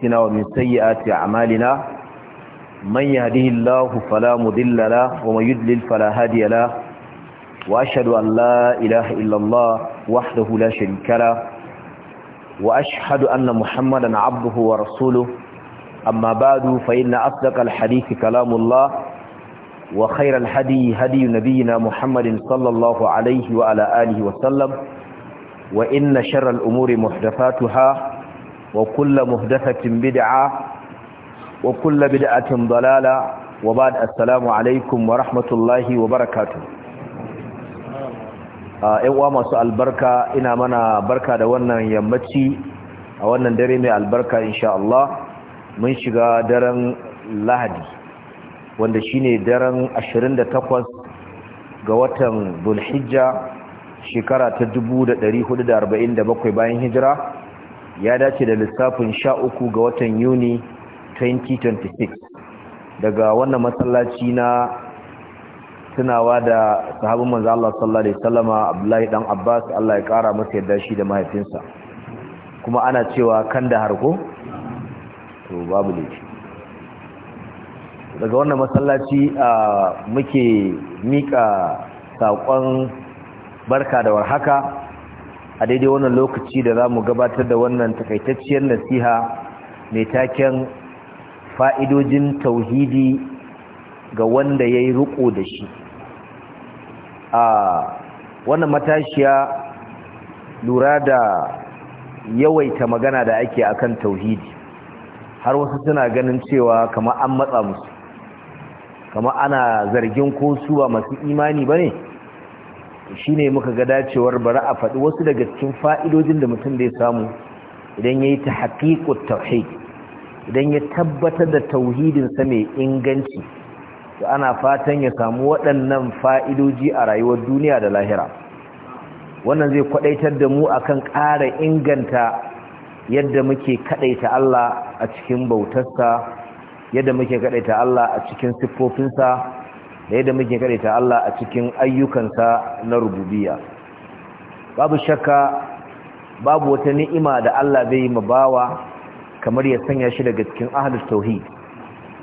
ina wa min sayyi'ati a'malina man yahdihillahu fala mudilla la wa man yudlil fala hadiya la wa ashhadu an la ilaha illallah wahdahu la wa ashhadu anna muhammadan 'abduhu wa rasuluhu amma ba'du fa inna asdaqal hadithi kalamullah wa khayral hadi hadi nabiyyina muhammadin sallallahu alayhi wa ala wa sallam wa inna sharral umuri muhdathatuha وكل مهدفة بدعة وكل بدعة ضلالة وبعد السلام عليكم ورحمة الله وبركاته ايوا masu albarka ina mana barka da wannan yammaci a wannan dare mai albarka insha Allah mun shiga daren Lahadi wanda shine daren 28 ga watan Dhulhijja shekara ta 1447 bayan hijira ya dace da lissafin sha uku ga watan yuni 2026 daga wannan masallaci na tunawa da sahabin manzan Allah sallallahu alaihi wasallama Abdullahi dan Abbas Allah ya kara masa yadda shi da mahaifinsa kuma ana cewa kan da harko to babu ne daga wannan masallaci muke mika saƙon barka da warhaka a daidai wannan lokaci da za mu gabatar da wannan takaitacciyar nasiha mai taken fa'idojin tauhidi ga wanda ya yi riko da shi a wannan matashiya lura da yawaita magana da ake akan tauhidi har wasu suna ganin cewa kama an matsa musu kama ana zargin ko su ba masu imani ba ne shi ne muka ga dacewar bara a faɗi wasu daga cikin fa'idojin da mutum zai samu idan ya yi ta haƙiƙut tauhid idan ya tabbatar da tauhidinsa mai inganci to ana fatan ya samu waɗannan fa'idoji a rayuwar duniya da lahira wannan zai kwaɗaitar da mu akan ƙara inganta yadda muke kaɗaita Allah a cikin bautarsa yadda muke kaɗaita Allah a cikin siffofinsa da yadda muke kadaita Allah a cikin ayyukansa na rububiya. babu shakka babu wata ni'ima da Allah zai ma bawa kamar ya sanya shi daga cikin ahlus tauhid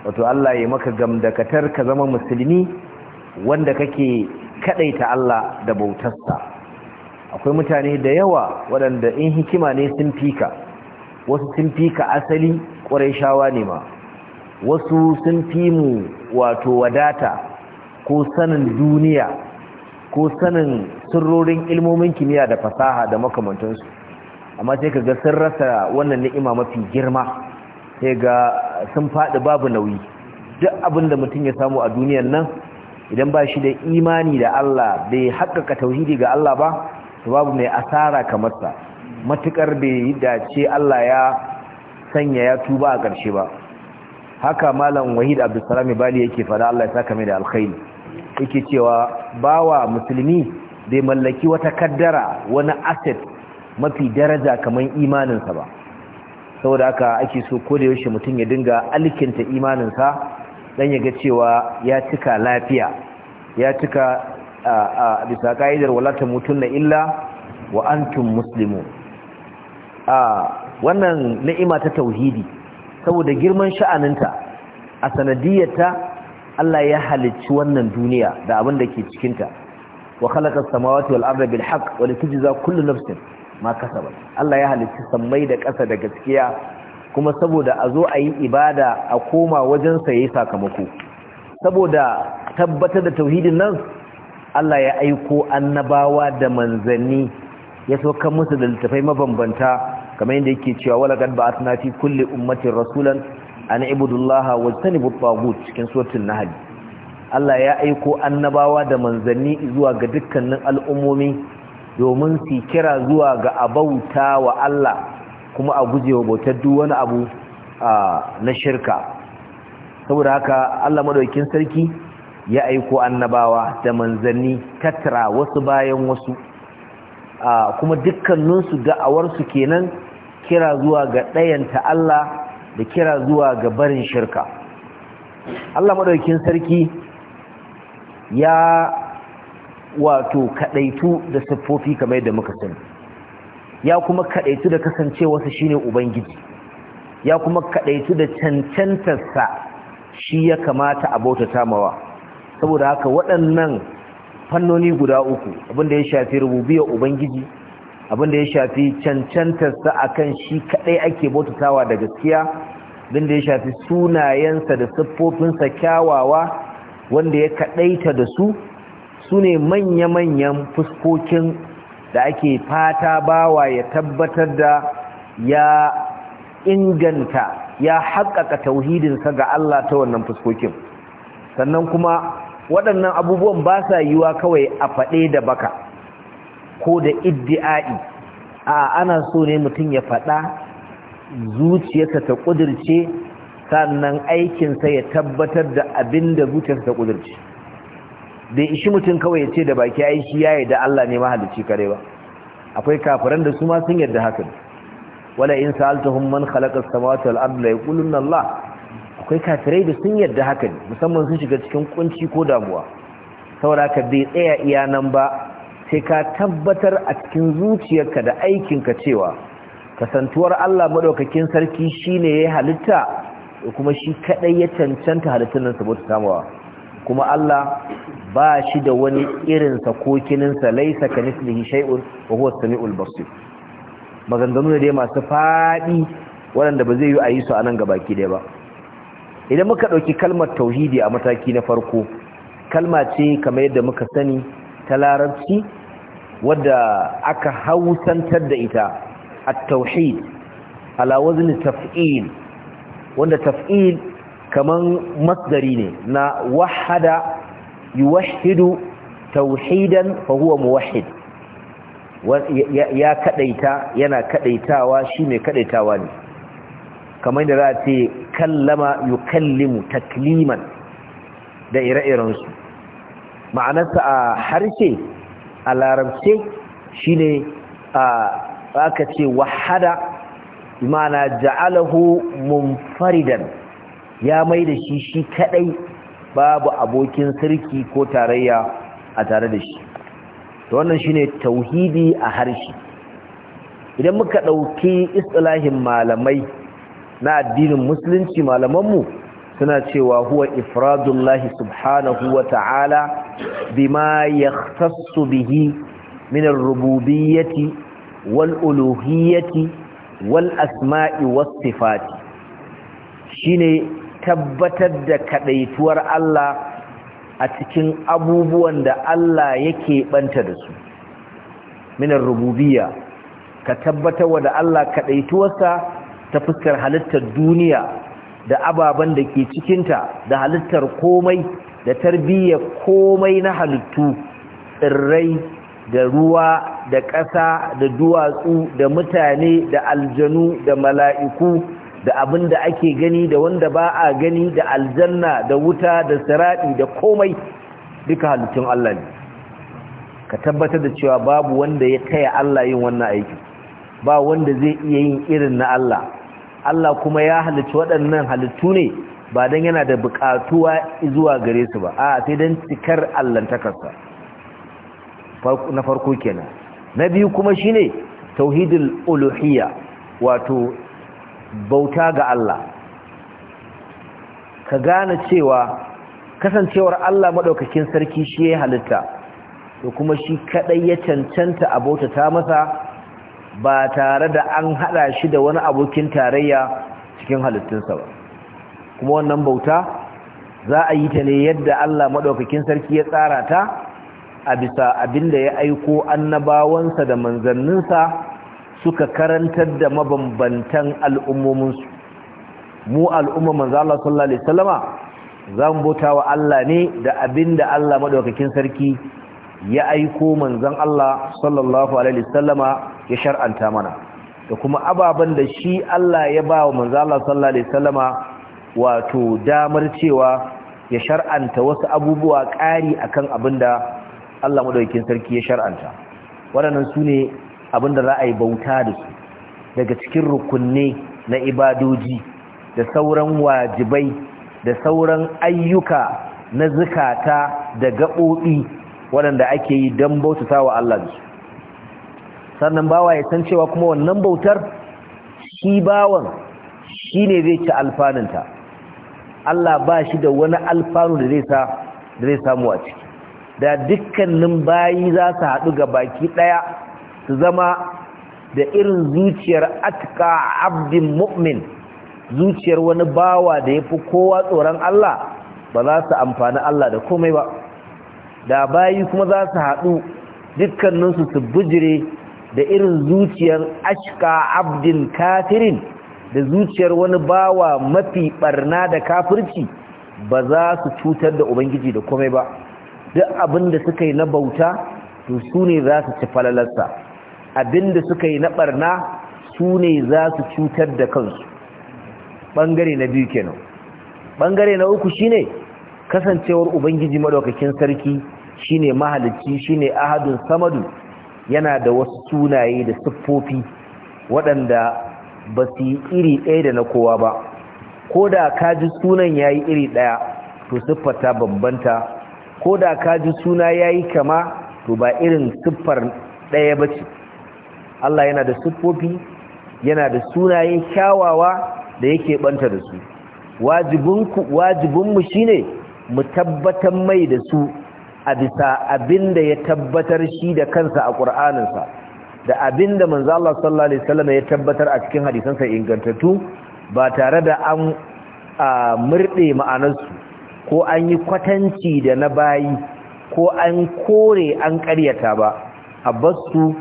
wato Allah ya maka gamdakatar ka zama musulmi wanda kake kadaita Allah da bautarsa akwai mutane da yawa waɗanda in hikima ne sun fika wasu sun fika asali ƙwarai shawa ne ma wasu sun fi mu wato wadata ko sanin duniya ko sanin sirrorin ilmomin kimiyya da fasaha da makamantansu amma sai ka ga sun rasa wannan ni'ima mafi girma sai ga sun faɗi babu nauyi duk abin da mutum ya samu a duniyan nan idan ba shi da imani da Allah bai haƙƙa tauhidi ga Allah ba to babu mai asara kamar sa matukar bai dace Allah ya sanya ya tuba a ƙarshe ba haka malam wahid abdulsalam bali yake fada Allah ya saka mai da alkhairi yake cewa bawa musulmi bai mallaki wata kaddara wani asset mafi daraja kamar imaninsa ba saboda haka ake so koda yaushe mutum ya dinga alkinta imaninsa dan ya ga cewa ya cika lafiya ya cika a bisa ka'idar wala tamutunna illa wa antum muslimun a wannan ni'ima ta tauhidi saboda girman sha'aninta a sanadiyarta Allah ya halicci wannan duniya da abin da ke cikinta wa khalaqa as-samawati wal arda bil haqq wa litujza kullu nafsin ma kasabat Allah ya halicci sammai da ƙasa da gaskiya kuma saboda a zo a yi ibada a koma wajen sa yayi sakamako saboda tabbatar da tauhidin nan Allah ya aiko annabawa da manzanni ya saukar musu da littafai mabambanta kamar yadda yake cewa wala ba'athna fi kulli ummatin rasulan an ibudullaha wa tanibu taghut cikin suratul nahl Allah ya aiko annabawa da manzanni zuwa ga dukkanin al'ummomi domin su kira zuwa ga abauta wa Allah kuma a gujewa bautar duk wani abu na shirka saboda haka Allah madaukakin sarki ya aiko annabawa da manzanni tattara wasu bayan wasu kuma dukkaninsu da'awarsu kenan kira zuwa ga ɗayanta Allah da kira zuwa ga barin shirka Allah maɗaukin sarki ya wato kadaitu da siffofi kamar yadda muka sani ya kuma kadaitu da kasancewarsa ne ubangiji ya kuma kadaitu da cancantarsa shi ya kamata a bauta tamawa. saboda haka waɗannan fannoni guda uku abinda ya shafi rububiyar ubangiji abin da ya shafi cancantarsa akan shi kadai ake bautatawa da gaskiya abin da ya shafi sunayensa da siffofinsa kyawawa wanda ya kadaita da su sune ne manya-manyan fuskokin da ake fata bawa ya tabbatar da ya inganta ya haƙaƙa tauhidinsa ga Allah ta wannan fuskokin sannan kuma waɗannan abubuwan ba sa yiwa kawai a faɗe da baka ko da iddi'ai a ana so ne mutum ya faɗa zuciyarsa ta ƙudurce sannan aikinsa ya tabbatar da abin da zuciyarsa ta ƙudurce bai ishi mutum kawai ya ce da baki shi ya da Allah ne mahalicci kare ba akwai kafiran da su ma sun yarda haka wala in sa'altuhum man khalaqa as-samawati wal arda yaquluna Allah akwai kafirai da sun yarda haka musamman sun shiga cikin kunci ko damuwa saboda ka bai tsaya iya nan ba sai ka tabbatar a cikin zuciyarka da aikinka cewa kasantuwar Allah madaukakin sarki shine ya halitta kuma shi kadai ya cancanta halittun nan saboda samawa kuma Allah ba shi da wani irinsa ko sa laisa ka mislihi shay'un wa huwa as-sami'ul basir maganganu ne dai masu fadi waɗanda ba zai yi a yi su a nan gabaki dai ba idan muka ɗauki kalmar tauhidi a mataki na farko kalma ce kamar yadda muka sani ta larabci wadda aka hausantar da ita at-tauhid ala wazn taf'il wanda taf'il kaman masdari ne na wahada wahidu tauhidan fa muwahid ya kadaita yana kadaitawa shi mai kadaitawa ne kamar da za a ce kallama yukallimu takliman da ire-irensu ma'anarsa a harshe a larabce shine aka ce wahada mana ja'alahu munfaridan ya mai da shi shi kadai babu abokin sarki ko tarayya a tare da shi to wannan shine tauhidi a harshe idan muka ɗauki istilahin malamai na addinin musulunci malamanmu suna cewa huwa ifradullahi subhanahu wa ta'ala بما يختص به من الربوبية والألوهية والأسماء والصفات شيني tabbatar da kadaituwar Allah a cikin abubuwan da Allah yake banta da su minar rububiyya ka tabbatar wa da Allah kadaituwarsa ta fuskar halittar duniya da ababen da ke cikinta da halittar komai da tarbiyya komai na halittu tsirrai da ruwa da ƙasa da duwatsu da mutane da aljanu da mala'iku da abin da ake gani da wanda ba a gani da aljanna da wuta da siraɗi da komai duka halittun Allah ne ka tabbatar da cewa babu wanda ya taya Allah yin wannan aiki ba wanda zai iya yin irin na Allah Allah kuma ya halicci waɗannan halittu ne ba don yana da bukatuwa zuwa gare su ba a sai don cikar allantakarsa na farko kenan na biyu kuma shine tauhidul uluhiyya wato bauta ga Allah ka gane cewa kasancewar Allah maɗaukakin sarki shi ya halitta da kuma shi kaɗai ya cancanta abota ta masa ba tare da an haɗa shi da wani abokin tarayya cikin halittunsa ba kuma wannan bauta za a yi ta ne yadda Allah maɗaukakin sarki ya tsara ta a bisa abinda ya aiko annabawansa da manzanninsa suka karantar da mabambantan al'ummominsu mu al'umma manzo Allah sallallahu alaihi wasallama zan bauta wa Allah ne da abinda Allah maɗaukakin sarki ya aiko manzan Allah sallallahu alaihi wasallama ya shar'anta mana da kuma ababen da shi Allah ya ba wa manzo Allah sallallahu alaihi wato damar cewa ya shar'anta wasu abubuwa ƙari akan abin da Allah madaukakin sarki ya shar'anta waɗannan sune ne abin da za a yi bauta da su daga cikin rukunne na ibadoji da sauran wajibai da sauran ayyuka na zukata da gaɓoɓi waɗanda ake yi don bautata wa Allah da su sannan bawa ya san cewa kuma wannan bautar shi bawan shi ne zai ci alfanunta. Allah ba shi da wani alfanu da zai samu a ciki da dukkanin bayi za su haɗu ga baki ɗaya su zama da irin zuciyar atka abdin mu'min zuciyar wani bawa da ya fi kowa tsoron Allah ba za su amfani Allah da komai ba da bayi kuma za su haɗu dukkaninsu su bujire da irin zuciyar ashka abdin kafirin da zuciyar wani bawa mafi barna da kafirci ba za su cutar da ubangiji da komai ba duk abin da suka yi na bauta to su ne za su ci falalarsa abin da suka yi na barna su ne za su cutar da kansu ɓangare na biyu kenan ɓangare na uku shine kasancewar ubangiji maɗaukakin sarki shine mahalicci shine ahadun samadu yana da wasu sunaye da siffofi waɗanda ba su yi iri ɗaya da na kowa ba ko da ka ji sunan ya yi iri ɗaya to siffata bambanta ko da ka ji suna ya yi kama to ba irin siffar ɗaya ba ce Allah yana da siffofi yana da sunaye kyawawa da yake ɓanta da su wajibinmu shi ne mu tabbatar mai da su a bisa abin da ya tabbatar shi da kansa a ƙur'aninsa da abinda manzo Allah sallallahu alaihi wasallam ya tabbatar a cikin hadisansa ingantattu ba tare da an murde ma'anarsu ko an yi kwatanci da na bayi ko an kore an ƙaryata ba abbasu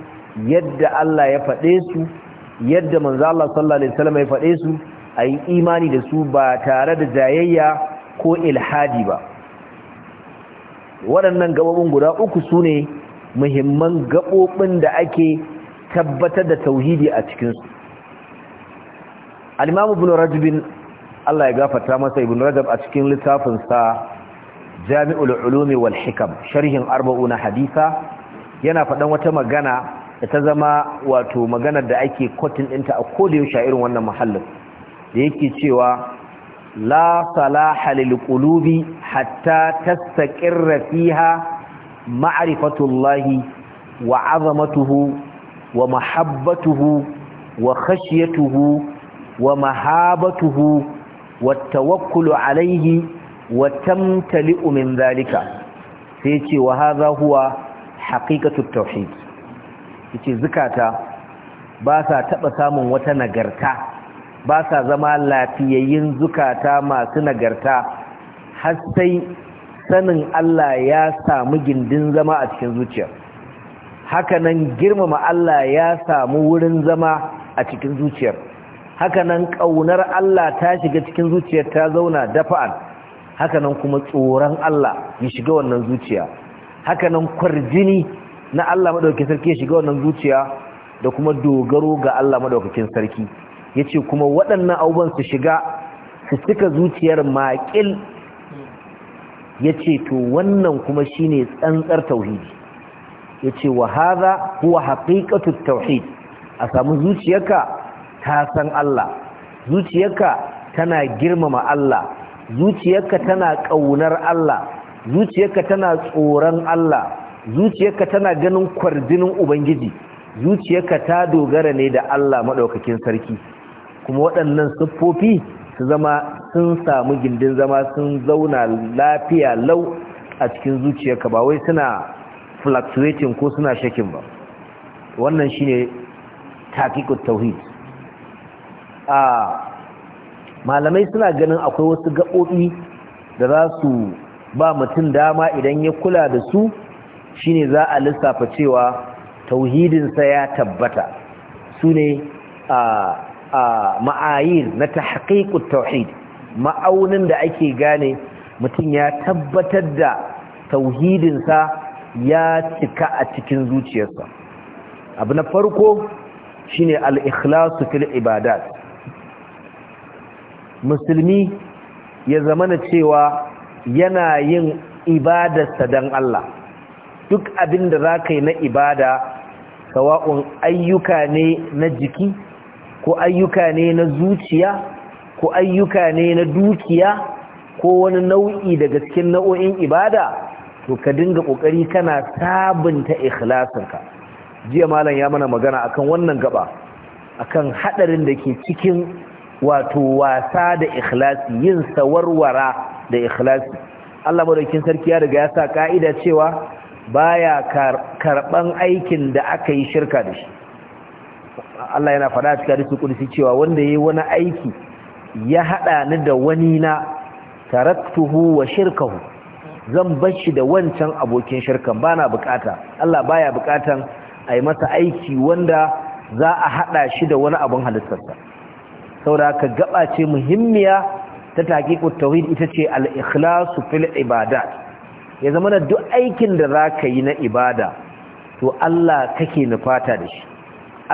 yadda Allah ya faɗe su yadda manzo Allah sallallahu alaihi wasallam ya faɗe su ayi imani da su ba tare da jayayya ko ilhadi ba waɗannan gabobin guda uku sune muhimman gabobin da ake tabbatar da tauhidi a cikinsu al-imamu ibn rajab Allah ya gafarta masa ibn rajab a cikin littafin sa jami'ul ulumi wal hikam sharhin arba'una haditha yana faɗan wata magana da ta zama wato magana da ake kotin ɗinta a koda yaushe irin wannan mahallin da yake cewa la salaha lil qulubi hatta tastaqirra fiha ma'rifatullahi wa 'azamatuhu wa mahabbatuhu wa khashyatuhu wa mahabatuhu wa tawakkulu alaihi wa tamtali'u min zalika sai ce wa hadha huwa haqiqatut tauhid yace zakata ba sa taba samun wata nagarta ba sa zama lafiyayyin zukata masu nagarta har sai sanin Allah ya samu gindin zama a cikin zuciyar. hakanan girmama Allah ya samu wurin zama a cikin zuciyar hakanan ƙaunar Allah ta shiga cikin zuciyar ta zauna dafa'an hakanan kuma tsoron Allah ya shiga wannan zuciya hakanan kwarjini na Allah madaukakin sarki ya shiga wannan zuciya da kuma dogaro ga Allah madaukakin sarki yace kuma waɗannan abubuwan su shiga su cika zuciyar maƙil yace to wannan kuma shine tsantsar tauhidi ya ce wa haza huwa haƙiƙatun tauhid a samu zuciyarka ta san Allah zuciyarka tana girmama Allah zuciyarka tana ƙaunar Allah zuciyarka tana tsoron Allah zuciyarka tana ganin kwardinin Ubangiji zuciyarka ta dogara ne da Allah maɗaukakin sarki kuma waɗannan siffofi su zama sun samu gindin zama sun zauna lafiya lau a cikin zuciyarka ba wai suna fluctuating ko suna shakin ba wannan shine taqiqut tauhid a malamai suna ganin akwai wasu gaɓoɓi da za su ba mutum dama idan ya kula da su shine za a lissafa cewa tauhidinsa ya tabbata su ne a ma'ayir na tahqiqut tauhid ma'aunin da ake gane mutum ya tabbatar da tauhidinsa ya cika a cikin zuciyarsa abu na farko shine al-ikhlasu fil ibadat musulmi ya zamana cewa yana yin ibadarsa don Allah duk abin da za ka yi na ibada sawa'un ayyuka ne na jiki ko ayyuka ne na zuciya ko ayyuka ne na dukiya ko wani nau'i daga cikin nau'o'in ibada to ka dinga kokari kana sabunta ikhlasinka jiya malam ya mana magana akan wannan gaba akan hadarin da ke cikin wato wasa da ikhlasi yin sawarwara da ikhlasi Allah madaukin sarki ya riga ya sa ka'ida cewa baya karban aikin da aka yi shirka da shi Allah yana faɗa cikin hadisi kudusi cewa wanda yayi wani aiki ya hada ni da wani na taraktuhu wa shirkahu zan bashi da wancan abokin shirkan na bukata Allah baya bukatan a yi masa aiki wanda za a hada shi da wani abin halittarsa Saura ka gaba ce muhimmiya ta taƙi tauhid ita ce al-ikhlasu fil Ibada. ya zama da duk aikin da za ka yi na ibada to Allah kake nufata da shi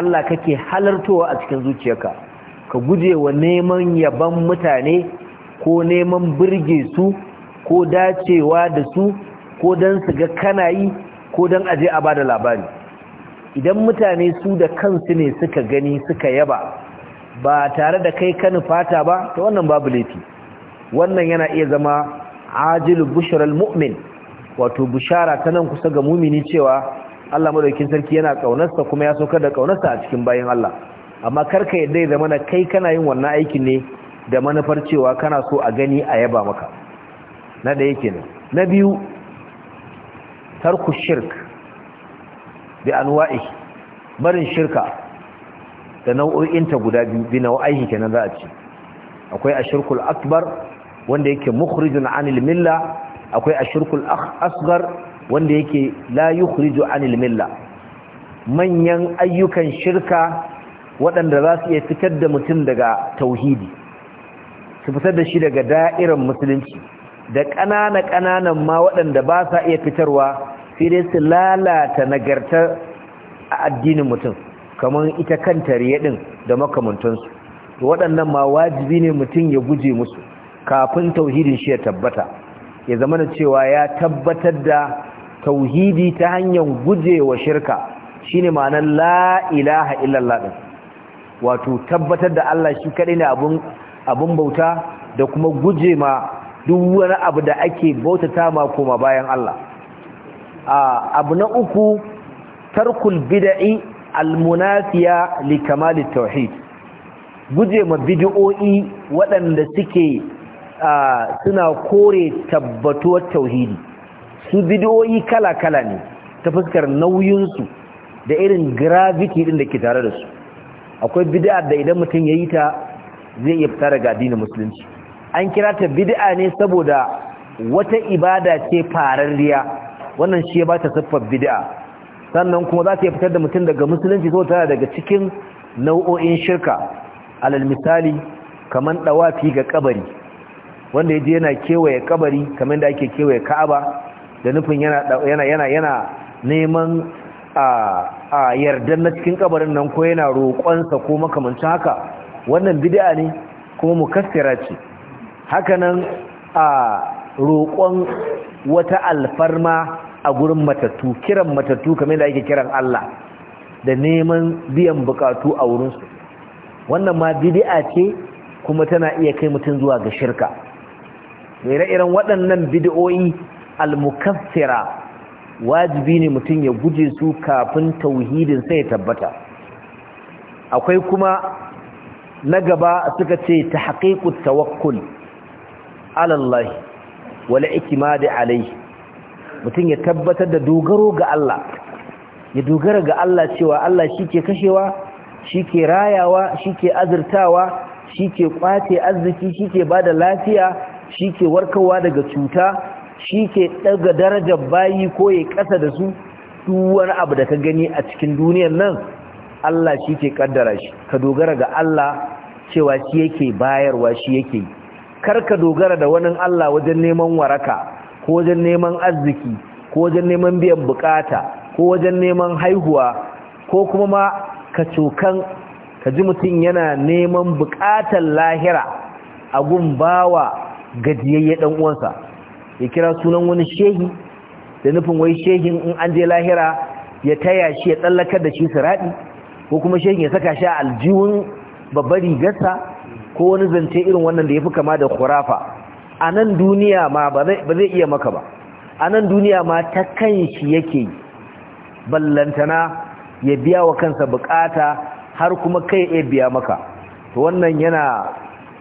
Allah kake halartowa a cikin zuciyarka ka guje wa neman yaban mutane ko neman birge su ko dacewa da su ko don su ga kana yi ko don aje a bada labari idan mutane su da kansu ne suka gani suka yaba ba tare da kai kan fata ba ta wannan babu laifi wannan yana iya zama ajilu bushiral mu'min wato bushara ta nan kusa ga mumini cewa Allah madaukin sarki yana kaunarsa kuma ya saukar da kaunarsa a cikin bayan Allah amma karka yadda ya zama na kai kana yin wannan aikin ne da manufar cewa kana so a gani a yaba maka na yake nan na biyu tarku shirk bi anwa'i barin shirka da nau'o'inta guda biyu bi nau'aihi kenan za a ce akwai ashirkul akbar wanda yake mukhrijun anil milla akwai ashirkul asghar wanda yake la yukhriju anil milla manyan ayyukan shirka waɗanda za su iya fitar da mutum daga tauhidi su fitar da shi daga da'irar musulunci da ƙanana ƙananan ma waɗanda ba sa iya fitarwa sai dai su lalata nagarta a addinin mutum kamar ita kanta riyadin da makamantansu waɗannan ma wajibi ne mutum ya guje musu kafin tauhidin shi ya tabbata ya zama da cewa ya tabbatar da tauhidi ta hanyar guje wa shirka shine ma'anar La'ilaha illallah ɗin wato tabbatar da Allah shi kaɗai ne abin bauta da kuma guje ma duk wani abu da ake bautata ma koma bayan Allah abu na uku tarkul bid'i almunafiya li kamalit tauhid guje ma bid'o'i waɗanda suke suna kore tabbatuwar tauhidi su bid'o'i kala-kala ne ta fuskar nauyinsu da irin gravity din da ke tare da su akwai bid'a da idan mutum ya yi ta zai iya fita daga addinin musulunci an kira ta bid'a ne saboda wata ibada ce fararriya wannan shi ya ba ta siffar bid'a sannan kuma za ta fitar da mutum daga musulunci ko tana daga cikin nau'o'in shirka alal misali kaman dawafi ga kabari wanda yaje yana kewaye kabari kaman da ake kewaye Ka'aba da nufin yana yana yana yana neman a a yardan na cikin kabarin nan ko yana roƙonsa ko makamancin haka wannan bid'a ne kuma mukaffira ce hakanan a roƙon wata alfarma a gurin matattu kiran matattu kamar da ake kiran Allah da neman biyan bukatu a wurinsu wannan ma bid'a ce kuma tana iya kai mutum zuwa ga shirka mere irin waɗannan bid'o'i al-mukaffira wajibi ne mutum ya guje su kafin tauhidin sai ya tabbata akwai kuma na gaba suka ce tahqiqut tawakkul alallahi wala ikimadi alaihi mutum ya tabbatar da dogaro ga Allah ya dogara ga Allah cewa Allah shi ke kashewa shi ke rayawa shi ke azurtawa shi ke kwace arziki shi ke ba lafiya shi ke warkarwa daga cuta shi ke daga darajar bayi ko ya kasa da su duwar abu da ka gani a cikin duniyar nan Allah shi ke kaddara shi ka dogara ga Allah cewa shi yake bayarwa shi yake yi karka dogara da wani Allah wajen neman waraka ko wajen neman arziki ko wajen neman biyan bukata ko wajen neman haihuwa ko kuma ma ka cokan ka ji mutum yana neman bukatar lahira a gun bawa gajiyayye dan uwansa ya kira sunan wani shehi da nufin wai shehin in an je lahira ya taya shi ya tsallakar da shi siradi ko kuma shehin ya saka shi a aljihun babbar rigarsa ko wani zance irin wannan da ya fi kama da kurafa a nan duniya ma ba zai iya maka ba a nan duniya ma ta kan shi yake ballantana ya biya wa kansa bukata har kuma kai ya biya maka wannan yana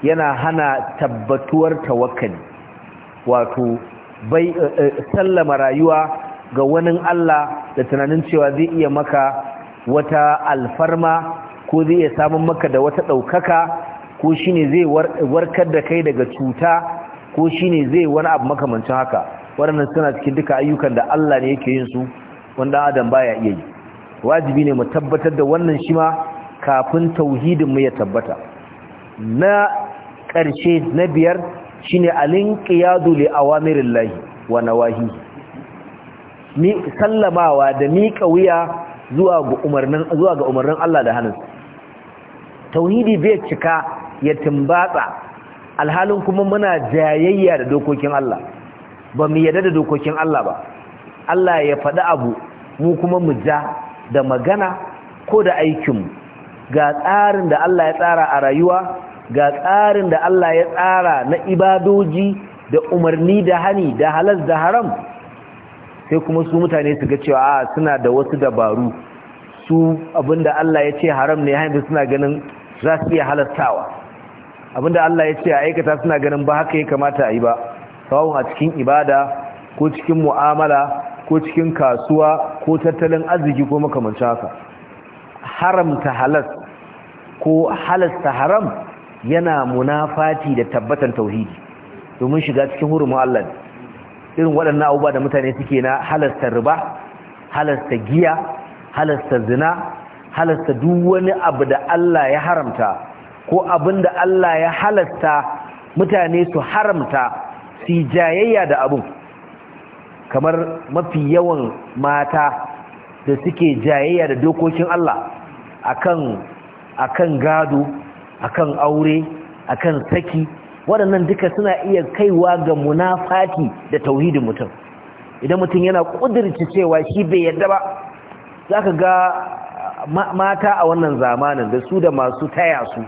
yana hana tabbatuwar tawakkali wato bai eh, eh, sallama rayuwa ga wani Allah da tunanin cewa zai iya maka wata alfarma ko zai iya samun maka da wata ɗaukaka ko shine zai warkar da kai daga cuta ko shine zai wani abu makamancin haka waɗannan suna cikin duka ayyukan da Allah ne yake yin su wanda adam baya iya yi wajibi ne mu tabbatar da wannan shi ma kafin Tauhidinmu ya tabbata na ƙarshe na biyar shine alinqiyadu li lahi wa nawahi sallamawa da miƙa wuya zuwa ga umarnin Allah da hannun tauhidi bai cika ya tumbatsa alhalin kuma muna jayayya da dokokin Allah ba mu yarda da dokokin Allah ba Allah ya faɗi abu mu kuma mu ja da magana ko da aikinmu ga tsarin da Allah ya tsara a rayuwa ga tsarin da Allah ya tsara na ibadoji da umarni da hani da halal da haram sai kuma su mutane su ga cewa a suna da wasu dabaru su abinda Allah ya ce haram ne hanyar suna ganin za su iya halastawa abinda Allah ya ce a aikata suna ganin ba haka ya kamata a yi ba sawun a cikin ibada ko cikin mu'amala ko cikin kasuwa ko tattalin arziki ko makamancin haka haramta halas ko halasta haram yana munafati da tabbatan tauhidi domin shiga cikin hurumin Allah irin waɗannan abubuwa da mutane suke na halasta riba halasta giya halasta zina halasta duk wani abu da Allah ya haramta ko abin da Allah ya halasta mutane su haramta su jayayya da abin kamar mafi yawan mata da suke jayayya da dokokin Allah akan gado akan aure akan saki waɗannan duka suna iya kaiwa ga munafaki da tauhidin mutum idan mutum yana ƙudurci cewa shi bai yadda ba za ka ga mata a wannan zamanin da su da masu taya su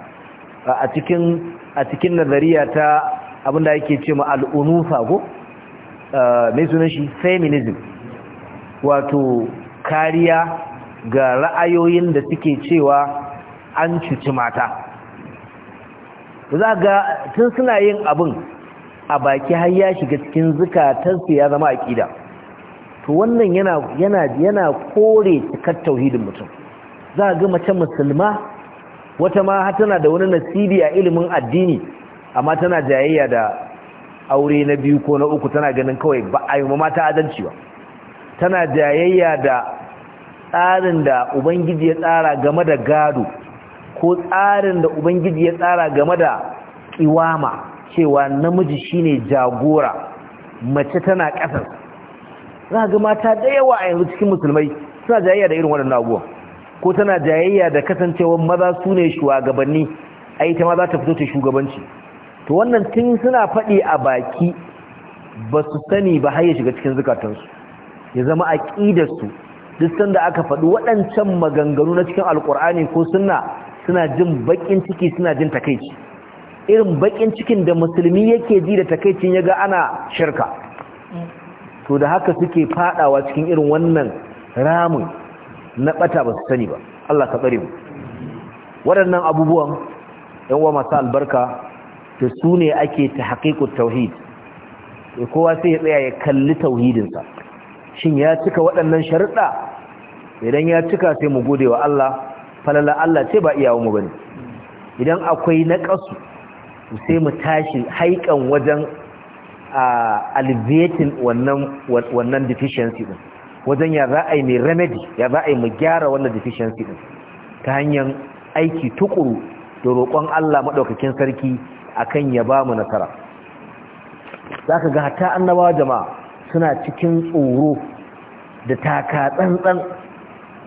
a cikin a cikin nazariya ta abinda yake ce ma al'unufa ko mai sunan shi feminism wato kariya ga ra'ayoyin da suke cewa an cuci mata za ga tun suna yin abin a baki har ya shiga cikin zukatansu ya zama aƙida to wannan yana kore cikar tauhidin mutum za a ga mace musulma wata ma tana da wani nasibi a ilimin addini amma tana jayayya da aure na biyu ko na uku tana ganin kawai ba a yi mata adalci ba tana jayayya da tsarin da ubangiji ya tsara game da gado ko tsarin da ubangiji ya tsara game da kiwama cewa namiji shine jagora mace tana ƙasar za ga mata da yawa a yanzu cikin musulmai suna jayayya da irin waɗannan abubuwan ko tana jayayya da kasancewar maza su ne shugabanni a ita maza ta fito ta shugabanci to wannan tun suna faɗi a baki ba su sani ba har shiga cikin zukatansu ya zama a ƙidarsu duk sanda aka faɗi waɗancan maganganu na cikin alƙur'ani ko sunna suna jin baƙin ciki suna jin takaici irin baƙin cikin da musulmi yake ji da takaicin ya ga ana shirka mm. to da haka suke faɗawa cikin irin wannan ramin na ɓata ba su sani ba Allah ka tsare mu waɗannan abubuwan ɗan wa masu albarka ta su ne ake ta haƙiƙu tauhid kowa sai ya tsaya ya kalli tauhidinsa shin ya cika waɗannan sharuɗa idan ya cika sai mu gode wa Allah falala Allah ce ba iyawo mu bane idan akwai naƙasu sai mu tashi haikan wajen a alleviating wannan wannan deficiency din wajen ya za a yi mai remedy ya za a yi mu gyara wannan deficiency din ta hanyar aiki tukuru da roƙon Allah maɗaukakin sarki akan ya ba mu nasara za ka ga hata annabawa jama'a suna cikin tsoro da taka tsantsan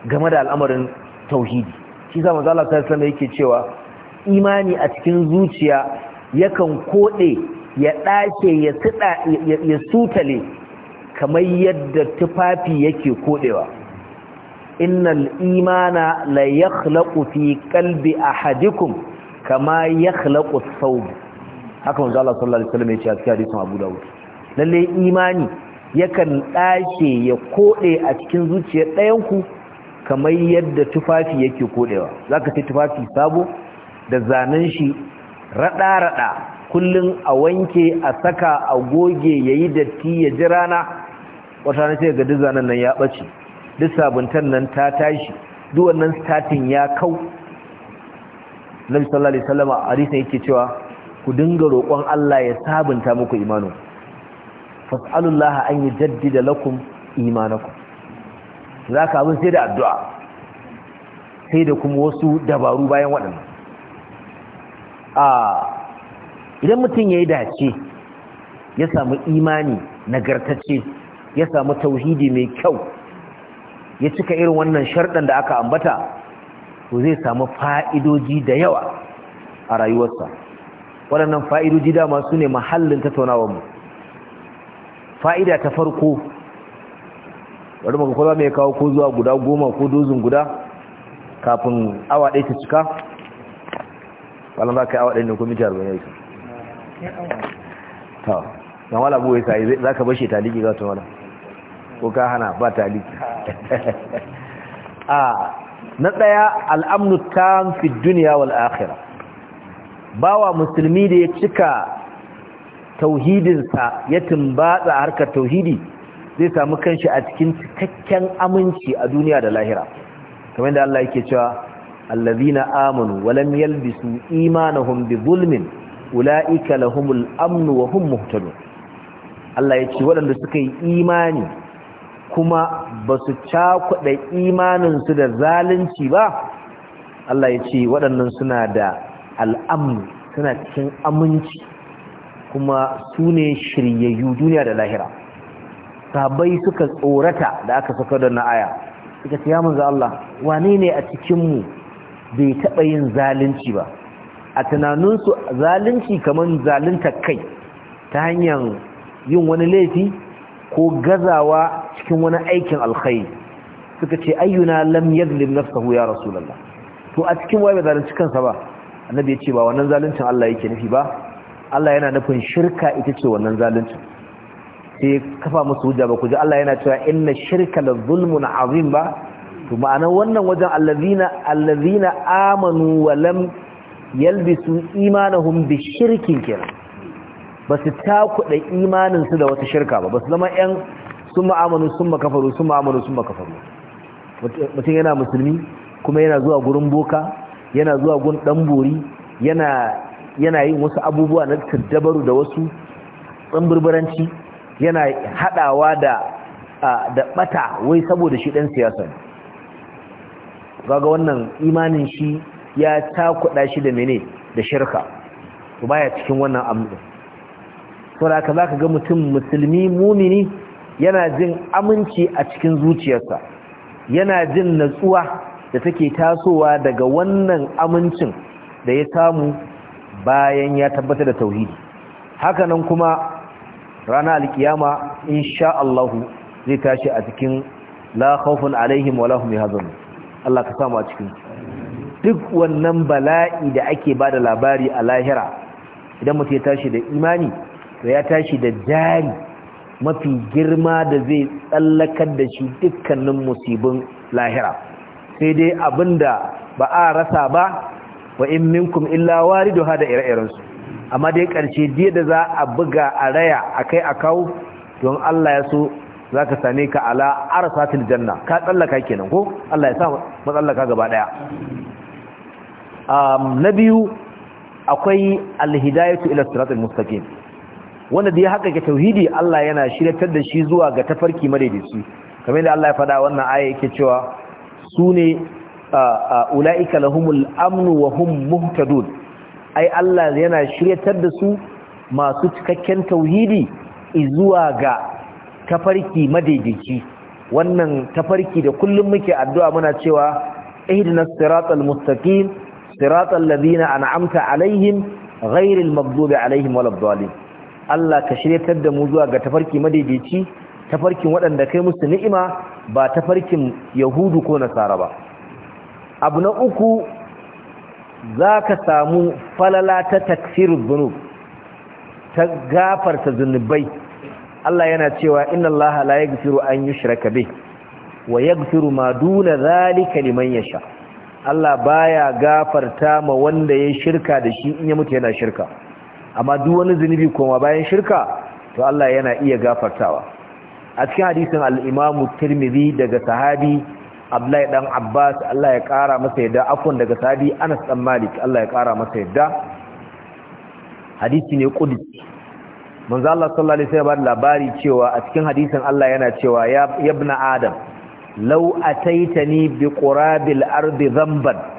game da al'amarin tauhidi shi mu zala ta sama yake cewa imani a cikin zuciya yakan koɗe ya ɗace ya sutale kamar yadda tufafi yake kodewa innal imana la yakhlaqu fi qalbi ahadikum kama yakhlaqu thawb haka manzo Allah sallallahu alaihi wasallam ya ce a hadisin Abu Dawud lalle imani yakan dace ya kode a cikin zuciyar ɗayan ku kamar yadda tufafi yake kodewa zaka ce tufafi sabo da zanen shi rada rada kullun a wanke a saka a goge yayi datti ya ji rana wata na ce ga duk nan ya ɓace duk sabuntan nan ta tashi duk wannan statin ya kau na sallallahu alaihi salama a hadisin yake cewa ku dinga roƙon Allah ya sabunta muku imanu fas'alullaha an da lakum za ka abin sai da addu'a sai da kuma wasu dabaru bayan waɗannan a idan mutum yayi dace ya samu imani nagartacce ya samu tauhidi mai kyau ya cika irin wannan sharɗan da aka ambata to zai samu fa'idoji da yawa a rayuwarsa waɗannan fa'idoji dama su ne mahallin tattaunawarmu fa'ida ta farko bari maka kwalwa mai kawo ko zuwa guda goma ko dozin guda kafin awa ɗaya ta cika ƙwallon za ka yi awa ɗaya ne ko mita arba'in yi ta wala buwai sa yi za ka bashe taliki za ta wala ko ka hana ba taliki a na tsaya al'amnu tam fi duniya wal akhirah bawa musulmi da ya cika tauhidinsa ya tumbatsa harkar tauhidi zai samu kanshi a cikin cikakken aminci a duniya da lahira kamar da Allah yake cewa allazina amanu wa lam yalbisu imanahum bi zulmin ulaika lahumul amn wa hum muhtadun Allah ce waɗanda suka yi imani kuma ba su cakuɗa imaninsu da zalunci ba Allah ya ce waɗannan suna da al'amni suna cikin aminci kuma su ne shiryayyu duniya da lahira sabai suka tsorata da aka saka da na'aya suka ce yamun za Allah wane ne a cikinmu bai taɓa yin zalunci ba a tunaninsu zalunci kamar zalunta kai ta hanyar yin wani laifi ko gazawa cikin wani aikin alkhairi suka ce ayyuna lam yadlim nafsahu ya rasulullah to a cikin waye zalunci kansa ba annabi ya ce ba wannan zaluncin Allah yake nufi ba Allah yana nufin shirka ita ce wannan zaluncin sai kafa musu hujja ba ku ji Allah yana cewa inna shirka la zulmun azim ba to ma'ana wannan wajen allazina allazina amanu wa lam yalbisu imanahum bi shirkin kenan ba su takuɗa imaninsu da wata shirka ba ba su zama 'yan sun ma'amalu sun makafaru sun ma'amalu sun makafaru mutum yana musulmi kuma yana zuwa gurin boka yana zuwa gun ɗan bori yana yin wasu abubuwa na tattabaru da wasu tsamburburanci yana haɗawa da ɓata wai saboda shi ɗan siyasa ne gaga wannan imanin shi ya takuɗa shi da mene da shirka ba ya cikin wannan amurka saboda zaka ga mutum musulmi mumini yana jin aminci a cikin zuciyarsa yana jin natsuwa da take tasowa daga wannan amincin da ya samu bayan ya tabbata da tauhidi hakanan kuma rana alkiyama insha Allah zai tashi a cikin la khawfun alaihim wala hum yahzanun Allah ka samu a cikin duk wannan bala'i da ake bada labari a lahira idan mutum ya tashi da imani to ya tashi da jari mafi girma da zai tsallakar da shi dukkanin musibin lahira sai dai abinda ba a rasa ba wa in minkum illa waridu da ire-irensu amma dai karshe jiya da za a buga a raya a kai a kawo don Allah ya so za ka same ka ala arsatil janna ka tsallaka kenan ko Allah ya sa matsallaka gaba daya na biyu akwai alhidayatu ila siratul mustaqim wanda da ya haka ke tauhidi Allah yana shiratar da shi zuwa ga tafarki madaidaici kamar da Allah ya faɗa wannan aya yake cewa su ne ula'ika lahumul amnu wa hum muhtadun ai Allah yana shiratar da su masu cikakken tauhidi zuwa ga tafarki madaidaici wannan tafarki da kullum muke addu'a muna cewa ihdinas siratal mustaqim siratal ladina an'amta alaihim ghairil maghdubi alaihim waladdallin Allah ka shiryatar da mu zuwa ga tafarki madaidaici tafarkin waɗanda kai musu ni'ima ba tafarkin yahudu ko nasara ba abu na uku za ka samu falala ta takfiru zunub ta gafarta zunubai Allah yana cewa inna Allah la yaghfiru an yushraka bih wa yaghfiru ma duna zalika liman yasha Allah baya gafarta ma wanda ya shirka da shi in ya mutu yana shirka amma duk wani zunubi koma bayan shirka to Allah yana iya gafartawa a cikin hadisin al-Imam Tirmidhi daga sahabi Abdullahi dan Abbas Allah ya kara masa yadda akon daga sahabi Anas dan Malik Allah ya kara masa yadda hadisi ne qudsi manzo Allah sallallahu alaihi wasallam labari cewa a cikin hadisin Allah yana cewa ya ibn Adam law ataitani bi qurabil ardi dhanban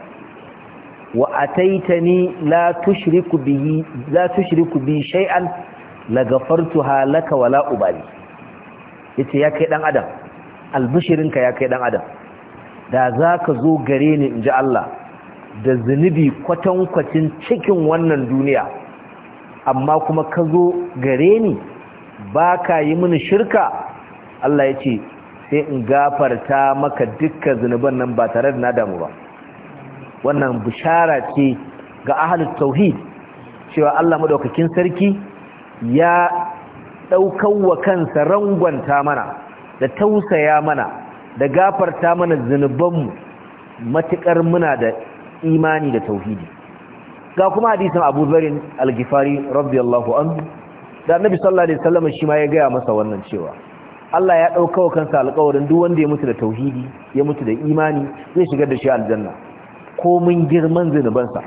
wa ataitani la tushriku bihi la tushriku bi shay'an la halaka wa wala ubali yace ya kai dan adam albishirinka ya kai dan adam da zaka zo gare ni inji Allah da zunubi kwatankwacin cikin wannan duniya amma kuma ka zo gare ni baka yi mini shirka Allah yace sai in gafarta maka dukkan zunuban nan ba tare da na damu ba wannan bishara ce ga ahlus tauhid cewa Allah madaukakin sarki ya daukan wa kansa rangwanta mana da tausaya mana da gafarta mana zunubanmu matuƙar muna da imani da tauhidi ga kuma hadisin Abu Zarin al da Annabi sallallahu alaihi wasallam shi ma ya gaya masa wannan cewa Allah ya ɗaukawa wa kansa alƙawarin duk wanda ya mutu da tauhidi ya mutu da imani zai shigar da shi aljanna Ko komin girman zinubansa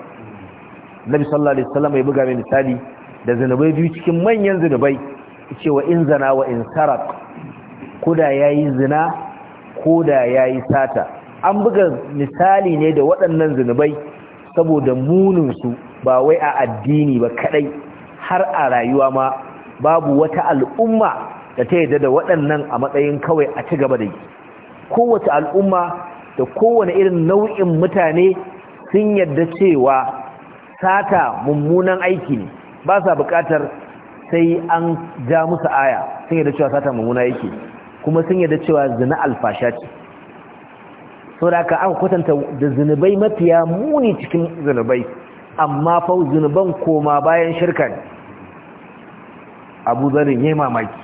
nabi sallallahu alaihi wasallam ya buga min misali da zinubai biyu cikin manyan zinubai cewa in zana wa in sarq koda yayi zina koda yayi sata an buga misali ne da waɗannan zinubai saboda munin su ba wai a addini ba kadai har a rayuwa ma babu wata al'umma da ta yarda da waɗannan a matsayin kawai a ci gaba da yi kowace al'umma da kowane irin nau'in mutane sun yadda cewa sata mummunan aiki ne ba sa buƙatar sai an ja musu aya sun yadda cewa sata mummuna aiki kuma sun yadda cewa zina alfasha ce da aka kwatanta da zinubai mafiya muni cikin zinubai amma fa zinuban koma bayan shirka ne abu zarin ne mamaki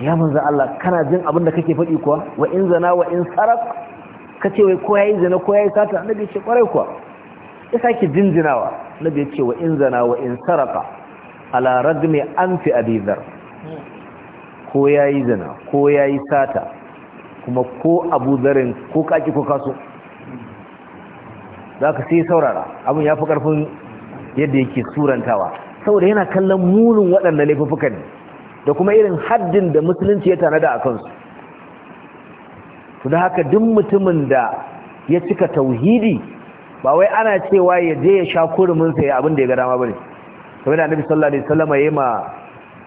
ya Allah kana jin abin da kake faɗi kuwa wa in zana wa in sarq ka ce wai ko yayi zina ko yayi sata annabi ce kwarai kuwa ya saki jinjinawa annabi ce wa in zana wa in saraka ala radmi anfi abi dhar ko yayi zina ko yayi sata kuma ko abu zarin ko kaki ko kaso zaka sai saurara abun fi karfin yadda yake surantawa saboda yana kallon munin waɗannan laifuffukan da kuma irin haddin da musulunci ya tanada a kansu da haka duk mutumin da ya cika tauhidi ba wai ana cewa ya je ya sha kurumin sai abin da ya ga dama bane kamar da annabi sallallahu alaihi wasallam yayi ma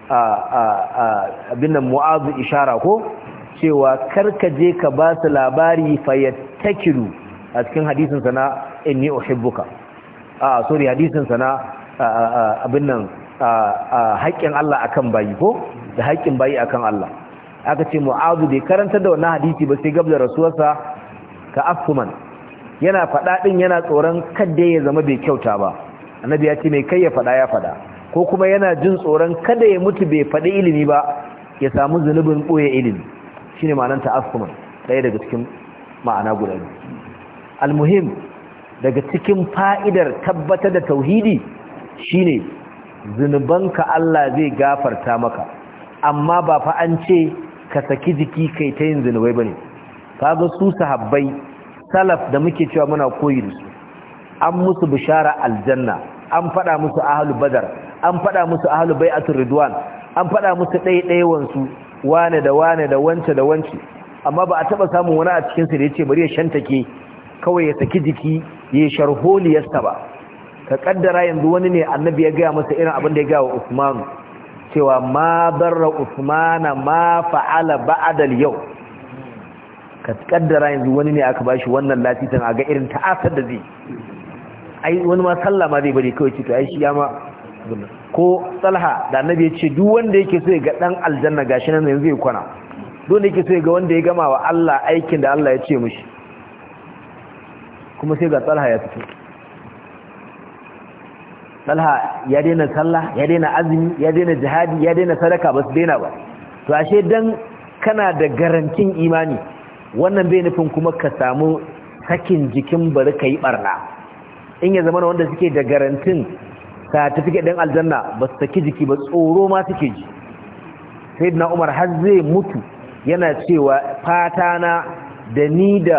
a a abin nan mu'azu ishara ko cewa karka je ka ba su labari fayattakilu a cikin hadisin sa na inni uhibbuka a sorry hadisin sa na abin nan haƙƙin Allah akan bayi ko da haƙƙin bayi akan Allah aka ce mu'adu bai karanta da wannan hadisi ba sai gabda rasuwarsa ka afkuman yana faɗa ɗin yana tsoron kada ya zama bai kyauta ba annabi ya ce mai kai ya faɗa ya faɗa ko kuma yana jin tsoron kada ya mutu bai faɗi ilimi ba ya samu zunubin ɓoye ilimi shine ma'anar ta afkuman ɗaya daga cikin ma'ana guda ne? almuhim daga cikin fa'idar tabbatar da tauhidi shine zunubanka Allah zai gafarta maka amma ba fa an ce ka saki jiki kai ta yin zinubai bane kaga su sahabbai salaf da muke cewa muna koyi da su an musu bishara aljanna an fada musu ahlul badar an fada musu ahlul bai'atul ridwan an fada musu ɗaiɗaiwan wansu wane da wane da wance da wance amma ba a taba samun wani a cikin su da yace bari ya shantake kawai ya saki jiki ya ya ba ka kaddara yanzu wani ne annabi ya gaya masa irin abin da ya gaya wa Usmanu cewa ma barra usmana ma fa'ala ba'adal yau ka kaddara yanzu wani ne aka bashi wannan latitan a ga irin ta'asar da zai ai wani ma sallah ma zai bari kawai ce to ai shi ya ma ko salha da annabi ya ce duk wanda yake so ya ga dan aljanna gashi nan yanzu ya kwana duk wanda yake so ya ga wanda ya gama wa Allah aikin da Allah ya ce mishi kuma sai ga salha ya fito talha ya daina sallah ya daina azumi ya daina jihadi ya daina sadaka ba su daina ba to ashe dan kana da garantin imani wannan bai nufin kuma ka samu sakin jikin bari ka yi barna in ya zama wanda suke da garantin certificate din aljanna ba su saki jiki ba tsoro ma suke ji sayyidina umar har zai mutu yana cewa fata na da ni da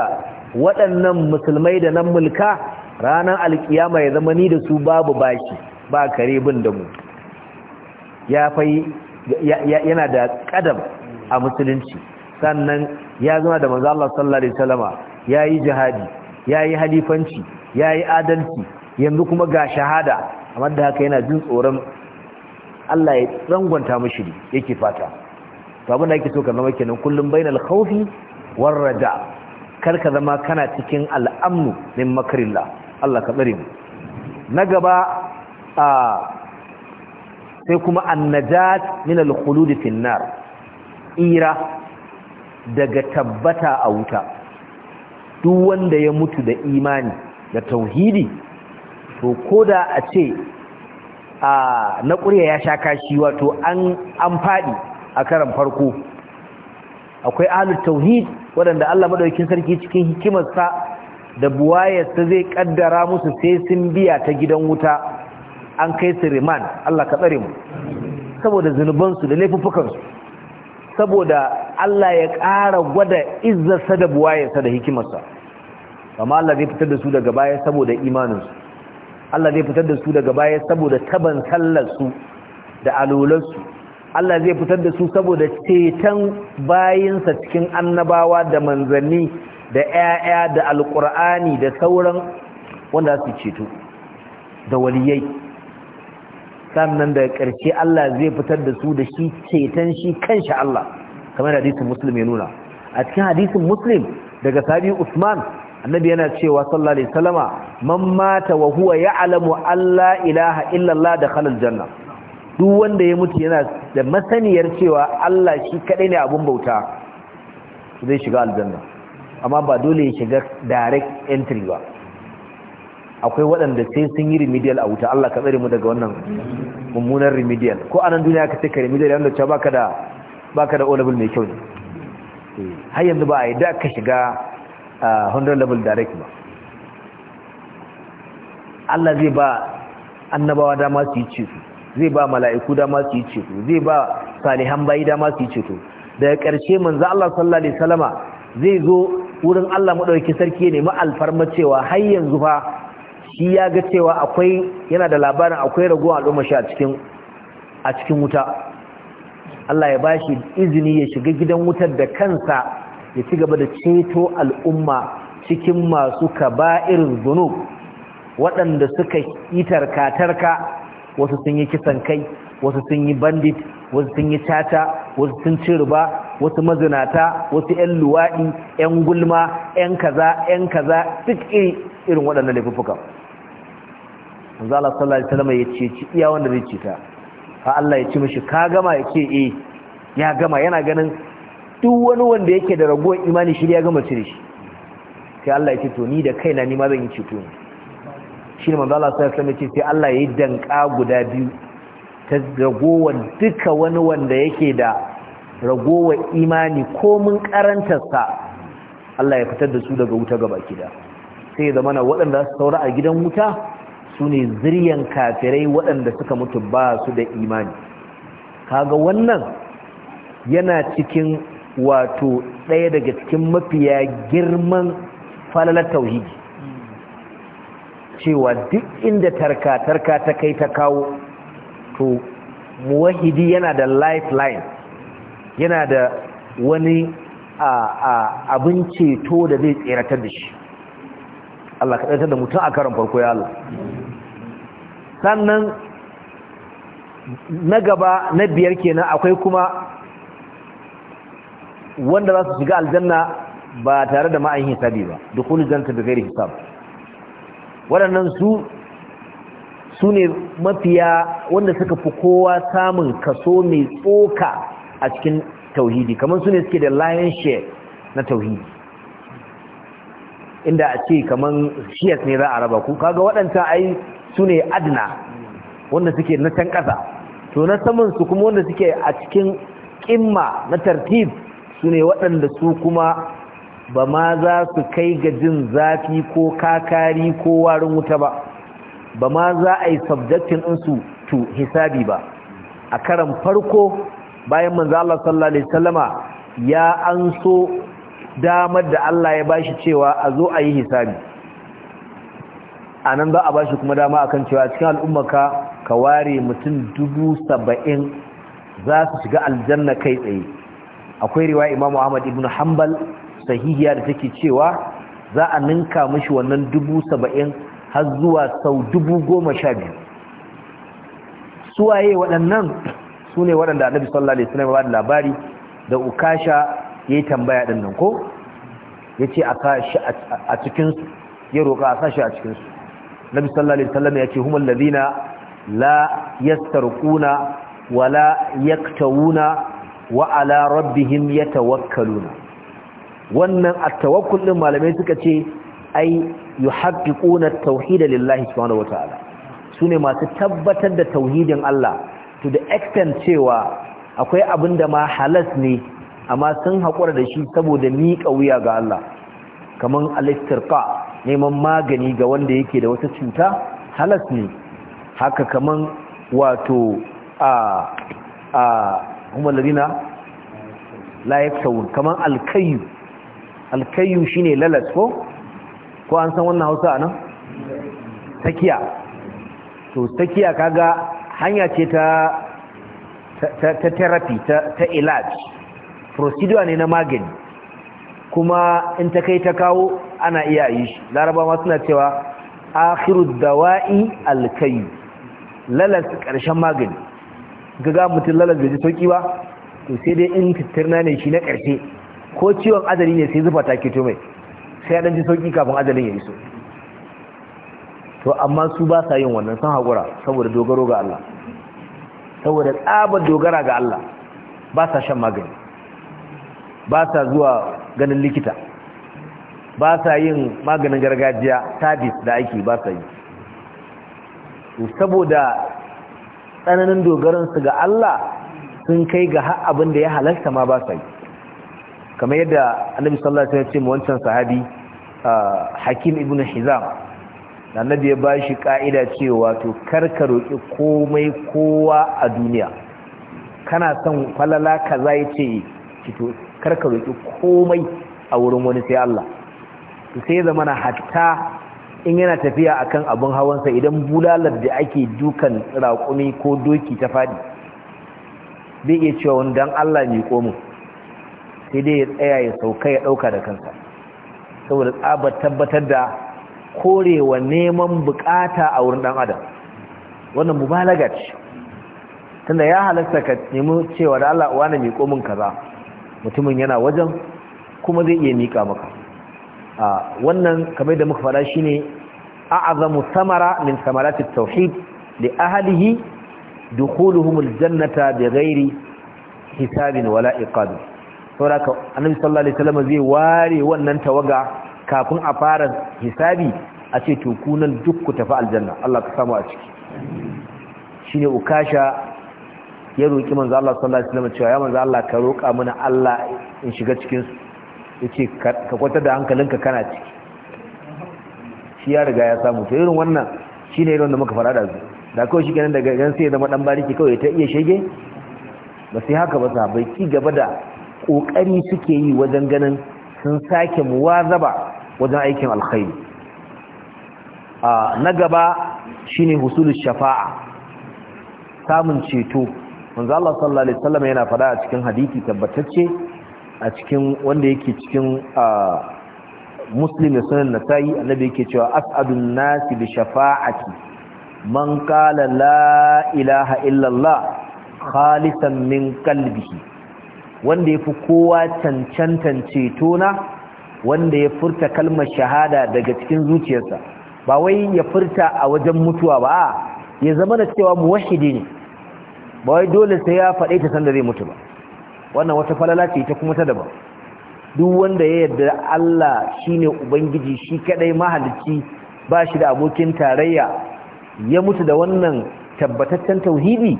waɗannan musulmai da nan mulka ranar alkiyama ya zama ni da su babu bashi ba kare bin da mu ya fai yana da kadam a musulunci sannan ya zama da manzo Allah sallallahu alaihi wasallama yayi jihadi yayi halifanci yayi adalci yanzu kuma ga shahada amma da haka yana jin tsoron Allah ya rangwanta mishi yake fata to abin da yake so ka zama kenan kullum bainal khawfi war raja kar ka zama kana cikin al'amnu min makrillah Allah ka tsare mu na gaba a sai kuma annajat min al-khulud fi an-nar ira daga tabbata a wuta duk wanda ya mutu da imani da tauhidi to koda a ce a na ƙurya ya sha kashi wato an faɗi a karan farko akwai ahlul tauhid waɗanda Allah madaukakin sarki cikin hikimarsa da buwayarsa zai kaddara musu sai sun biya ta gidan wuta an kai su riman Allah ka tsare mu saboda zunubansu da laifuffukansu saboda Allah ya ƙara gwada izzarsa da buwayarsa da hikimarsa amma Allah zai fitar da su daga baya saboda imaninsu Allah zai fitar da su daga baya saboda taban sallarsu da alolarsu Allah zai fitar da su saboda ceton bayinsa cikin annabawa da manzanni da ƴaƴa da alƙur'ani da sauran wanda su ceto da waliyai sannan da ƙarshe Allah zai fitar da su da shi ceton shi kanshi Allah kamar hadisin muslim ya nuna a cikin hadisin muslim daga sabi usman annabi yana cewa sallallahu alaihi wasallama man mata wa huwa ya'lamu alla ilaha illa Allah khalal janna duk wanda ya mutu yana da masaniyar cewa Allah shi kadai ne abun bauta zai shiga aljanna amma ba dole ya shiga direct entry ba akwai waɗanda sai sun yi remedial a wuta Allah ka tsare mu daga wannan mummunan remedial ko anan duniya ka take remedial yanda cewa baka da baka da level mai kyau ne eh, har yanzu ba a yadda ka shiga 100 ah, level direct ba Allah zai ba annabawa dama su yi ceto zai ba mala'iku dama su yi ceto zai ba salihan bayi dama su yi ceto daga ƙarshe manzo Allah sallallahu alaihi wasallama zai zo wurin Allah maɗauki sarki ne alfarma cewa har yanzu fa shi ya ga cewa akwai yana da labarin akwai rago al'umma shi a cikin wuta Allah ya bashi izini ya shiga gidan wutar da kansa ya ci gaba da ceto al'umma cikin masu kaba'irin zunub waɗanda suka yi tarkatarka tarka wasu sun yi kisan kai wasu sun yi bandit wasu sun yi tata wasu sun ci riba wasu mazinata wasu 'yan luwaɗi 'yan gulma 'yan kaza 'yan kaza duk irin waɗannan laifuffukan zala sallallahu alaihi wasallam ya ce ci iya wanda zai ci ta fa Allah ya ci mishi ka gama ya ce eh ya gama yana ganin duk wani wanda yake da ragowar imani shi ya gama cire shi sai Allah ya ce to ni da kaina ni ma zan yi ceto ne shi ne manzo Allah sallallahu alaihi wasallam ya ce sai Allah ya yi danka guda biyu ta ragowar duka wani wanda yake da ragowa imani ko mun sa, Allah ya fitar da su daga wuta gaba gida sai da mana waɗanda su saura a gidan wuta su ne ziryan kafirai waɗanda suka mutu ba su da imani kaga wannan yana cikin wato ɗaya daga cikin mafiya girman falalar tauhidi cewa duk inda tarka tarka ta kai ta kawo to muwahidi yana da lifeline yana da wani abin ceto da zai tseratar da shi Allah ka tsaye da mutum a karan farko ya Allah sannan na gaba na biyar kenan akwai kuma wanda za su shiga aljanna ba tare da ma'ayin hisabi ba Duk wani janta da zai hisab waɗannan su su ne mafiya wanda suka fi kowa samun kaso mai tsoka a cikin tauhidi kamar su ne suke da lion share na tauhidi inda a ce kamar shias ne za a raba ku kaga waɗanta ai su ne adna wanda suke na can ƙasa to na saman su kuma wanda suke a cikin ƙimma na tartib su ne waɗanda su kuma ba ma za su kai ga jin zafi ko kakari ko warin wuta ba ba ma za a yi subjectin su to hisabi ba a karan farko bayan manzo Allah sallallahu alaihi wasallama ya anso damar da Allah ya bashi cewa a zo a yi hisabi anan za a bashi kuma dama akan cewa cikin al'ummarka ka ware mutum dubu saba'in za su shiga aljanna kai tsaye akwai riwaya Imam Ahmad ibn Hanbal sahihiya da take cewa za a ninka mashi wannan dubu saba'in har zuwa sau dubu goma sha biyu suwaye waɗannan su ne waɗanda annabi sallallahu alaihi wasallam ya bada labari da ukasha yayi tambaya din nan ko yace a shi a cikin su ya roƙa a sashi a cikin su annabi sallallahu alaihi wasallam yace humul ladina la yastarquna wala yaktawuna wa ala rabbihim yatawakkaluna wannan at-tawakkul din malamai suka ce ai yuhaqqiquna at-tauhid lillahi subhanahu wataala sune masu tabbatar da tauhidin Allah to the extent cewa akwai abin da ma halas ne amma sun haƙura da shi saboda miƙa wuya ga Allah kamar alistirqa neman magani ga wanda yake da wata cuta halas ne haka kamar wato a a kuma ladina la yaktawun kamar alkayu alkayu shine lalas ko ko an san wannan Hausa anan takiya to takiya kaga hanya ce ta ta therapy ta ilaj procedure ne na magani kuma in ta kai ta kawo ana iya yi shi larabawa suna cewa akhiru dawa'i alkai lalas karshen magani gaga mutum lalas bai ji sauki ba to sai dai in titirna ne shi na karshe ko ciwon azali ne sai zufa ta keto mai sai ya dan ji sauki kafin azalin ya iso to amma su ba sa yin wannan sun haƙura saboda dogaro ga Allah saboda tsabar dogara ga Allah ba sa shan magani ba sa zuwa ganin likita ba sa yin maganin gargajiya sabis da ake ba sa yi saboda tsananin dogaransu ga Allah sun kai ga har abin da ya halarta ma ba sa yi kamar yadda annabi sallallahu alaihi wasallam ya ce wancan sahabi ah, hakim ibnu hizam annabi ya bashi ka'ida cewa to karka roki komai kowa a duniya kana son falala kaza yace ki to karka roki komai a wurin wani sai Allah to sai na hatta in yana tafiya akan abun sa idan bulalar da ake dukan raƙumi ko doki ta fadi bai iya cewa wani dan Allah mai komo sai dai ya tsaya ya sauka ya dauka da kansa saboda tsabar tabbatar da korewa neman bukata a wurin dan adam wannan mubalaga ce tunda ya halasta ka nemi cewa da Allah wani miƙo min kaza mutumin yana wajen kuma zai iya miƙa maka a wannan kamar da muka fara shine a'azamu samara min samarati tauhid li ahlihi dukhuluhum aljannata bighairi hisabin wala iqab saboda annabi sallallahu alaihi wasallam zai ware wannan tawaga kafin a fara hisabi a ce to nan duk ku tafi aljanna Allah ka samu a ciki shine ukasha ya roki manzo Allah sallallahu alaihi wasallam cewa ya manzo Allah ka roka mana Allah in shiga cikin su yace ka kwatar da hankalinka kana ciki shi ya riga ya samu to irin wannan shine irin da muka fara da su da kawai shi kenan daga gan sai ya zama dan bariki kawai ta iya shege ba sai haka ba sabai ci gaba da kokari suke yi wajen ganin sun sake muwazaba wajen aikin alkhairi na gaba shine husulul shafa'a samun ceto manzo Allah sallallahu alaihi wasallam yana fada a cikin hadisi tabbatacce a cikin wanda yake cikin muslim da sunan nasa'i annabi yake cewa as'adun nasi bi shafa'ati man qala la ilaha illa Allah khalisan min qalbihi wanda yafi kowa cancantan ceto na wanda ya furta kalmar shahada daga cikin zuciyarsa ba wai ya furta a wajen mutuwa ba ya zama da cewa muwahhidi ne ba wai dole sai ya faɗe ta sanda zai mutu ba wannan wata falala ce ta kuma ta daban duk wanda ya yarda Allah shine ubangiji shi kadai mahalicci ba shi da abokin tarayya ya mutu da wannan tabbataccen tauhidi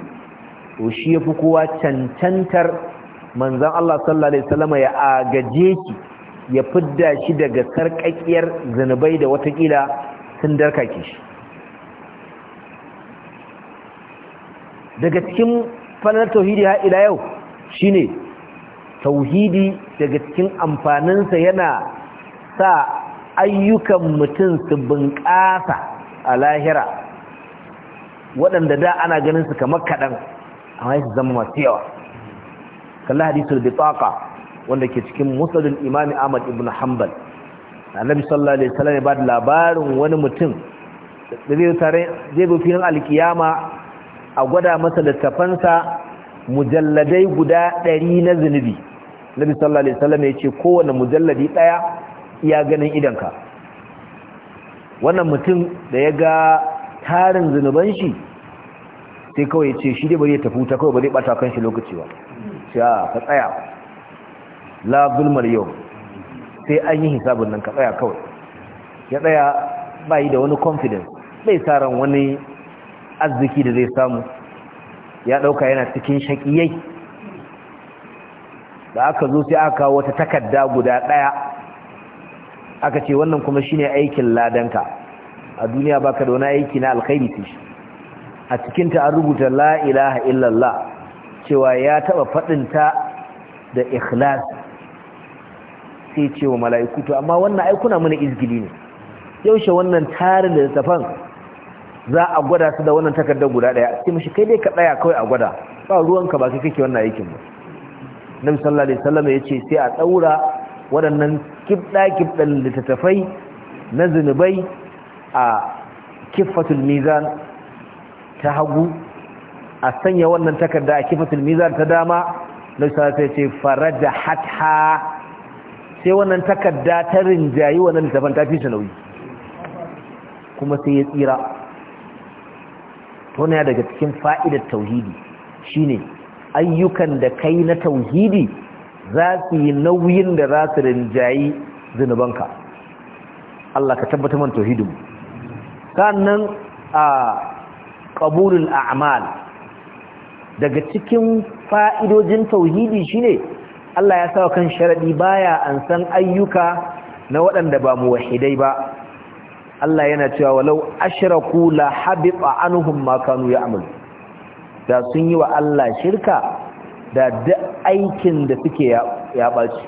to shi yafi kowa cancantar manzon Allah sallallahu alaihi wasallam ya agaje ki ya fidda shi daga sarƙaƙiyar zanubai da watakila sun darkake shi daga cikin fanar tauhidi ha ila yau shine tauhidi daga cikin amfaninsa yana sa ayyukan mutum su bunƙasa a lahira waɗanda da ana ganin su kamar kaɗan amma su zama masu yawa kalla hadisul bitaqa wanda ke cikin Musulun imami ahmad ibn hanbal annabi sallallahu alaihi wasallam ba da labarin wani mutum da zai tare zai bi filin alkiyama a gwada masa littafansa mujalladai guda ɗari na zinubi nabi sallallahu alaihi wasallam ya ce kowane mujalladi ɗaya iya ganin idanka wannan mutum da ya ga tarin zinuban shi sai kawai ya ce shi dai bari ya tafi wuta kawai bari ya ɓata kan shi lokaci ba sai ka tsaya la zulmar yau sai an yi hisabin nan ka tsaya kawai ya tsaya bayi da wani confidence bai ran wani arziki da zai samu ya dauka yana cikin shakiyai da aka zo sai aka wata takarda guda daya aka ce wannan kuma shine aikin ladanka a duniya baka da wani aiki na alkhairi ce a cikin ta an rubuta la ilaha illallah cewa ya taba fadinta da ikhlas sai ce wa mala'iku to amma wannan aikuna kuna mana izgili ne yaushe wannan tarin da tafan za a gwada su da wannan takardar guda daya sai mishi kai dai ka tsaya kawai a gwada ba ruwanka ba kai kake wannan aikin ba nabi sallallahu alaihi wasallam ce sai a daura waɗannan kibda kibdan littattafai na zinubai a kifatul mizan ta hagu a sanya wannan takarda a kifatul mizan ta dama nabi sallallahu alaihi wasallam ce faraja hatha sai wannan takarda ta rinjayi wannan littafin ta fi nauyi kuma sai ya tsira tona daga cikin fa'idar tauhidi shine ayyukan da kai na tauhidi za su yi nauyin da za su rinjayi zinubanka Allah ka tabbata man tauhidin sannan a ƙabulun a'mal daga cikin fa'idojin tauhidi shine Allah ya sawa kan sharadi baya an san ayyuka na waɗanda ba mu wahidai ba Allah yana cewa walau ashraku la habita anhum ma kanu ya'mal da sun yi wa Allah shirka da duk aikin da suke ya baci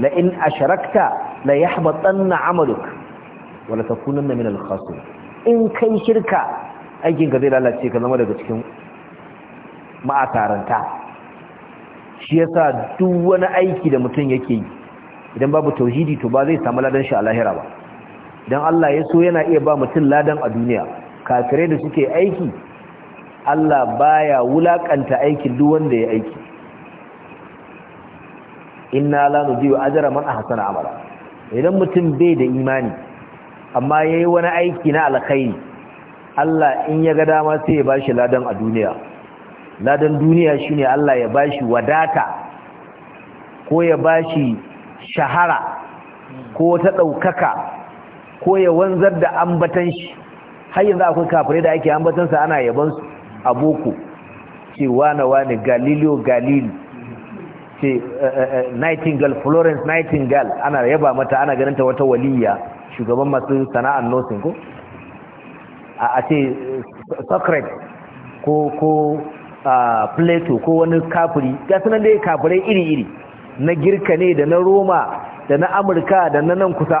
la in ashrakta la yahbatanna 'amaluk wa la takunanna min al-khasirin in kai shirka aikin ka zai lalace ka zama daga cikin ma'asaranta shi yasa duk wani aiki da mutum yake yi idan babu tauhidi to ba zai samu ladan shi a lahira ba dan Allah ya so yana iya ba mutum ladan a duniya kafire da suke aiki Allah baya wulakanta aikin duk wanda ya aiki inna la nudiyu ajra man ahsana amala idan mutum bai da imani amma yayi wani aiki na alkhairi Allah in ya ga dama sai ya bashi ladan a duniya Na ladan duniya shine Allah ya bashi wadata ko ya bashi shahara ko ta ɗaukaka ko ya wanzar da ambatan shi har yanzu akwai kafirai da ake ambatansa ana yaban su a boko ce wane wane galileo galili ce eh, eh, eh, nightingale florence nightingale ana yaba mata ana ganin ta wata waliyya shugaban masu sana'ar nursing ko a ce socrates ko plato ko wani kafiri ga sunan dai kafirai iri-iri na girka ne da na roma da na amurka da na nan kusa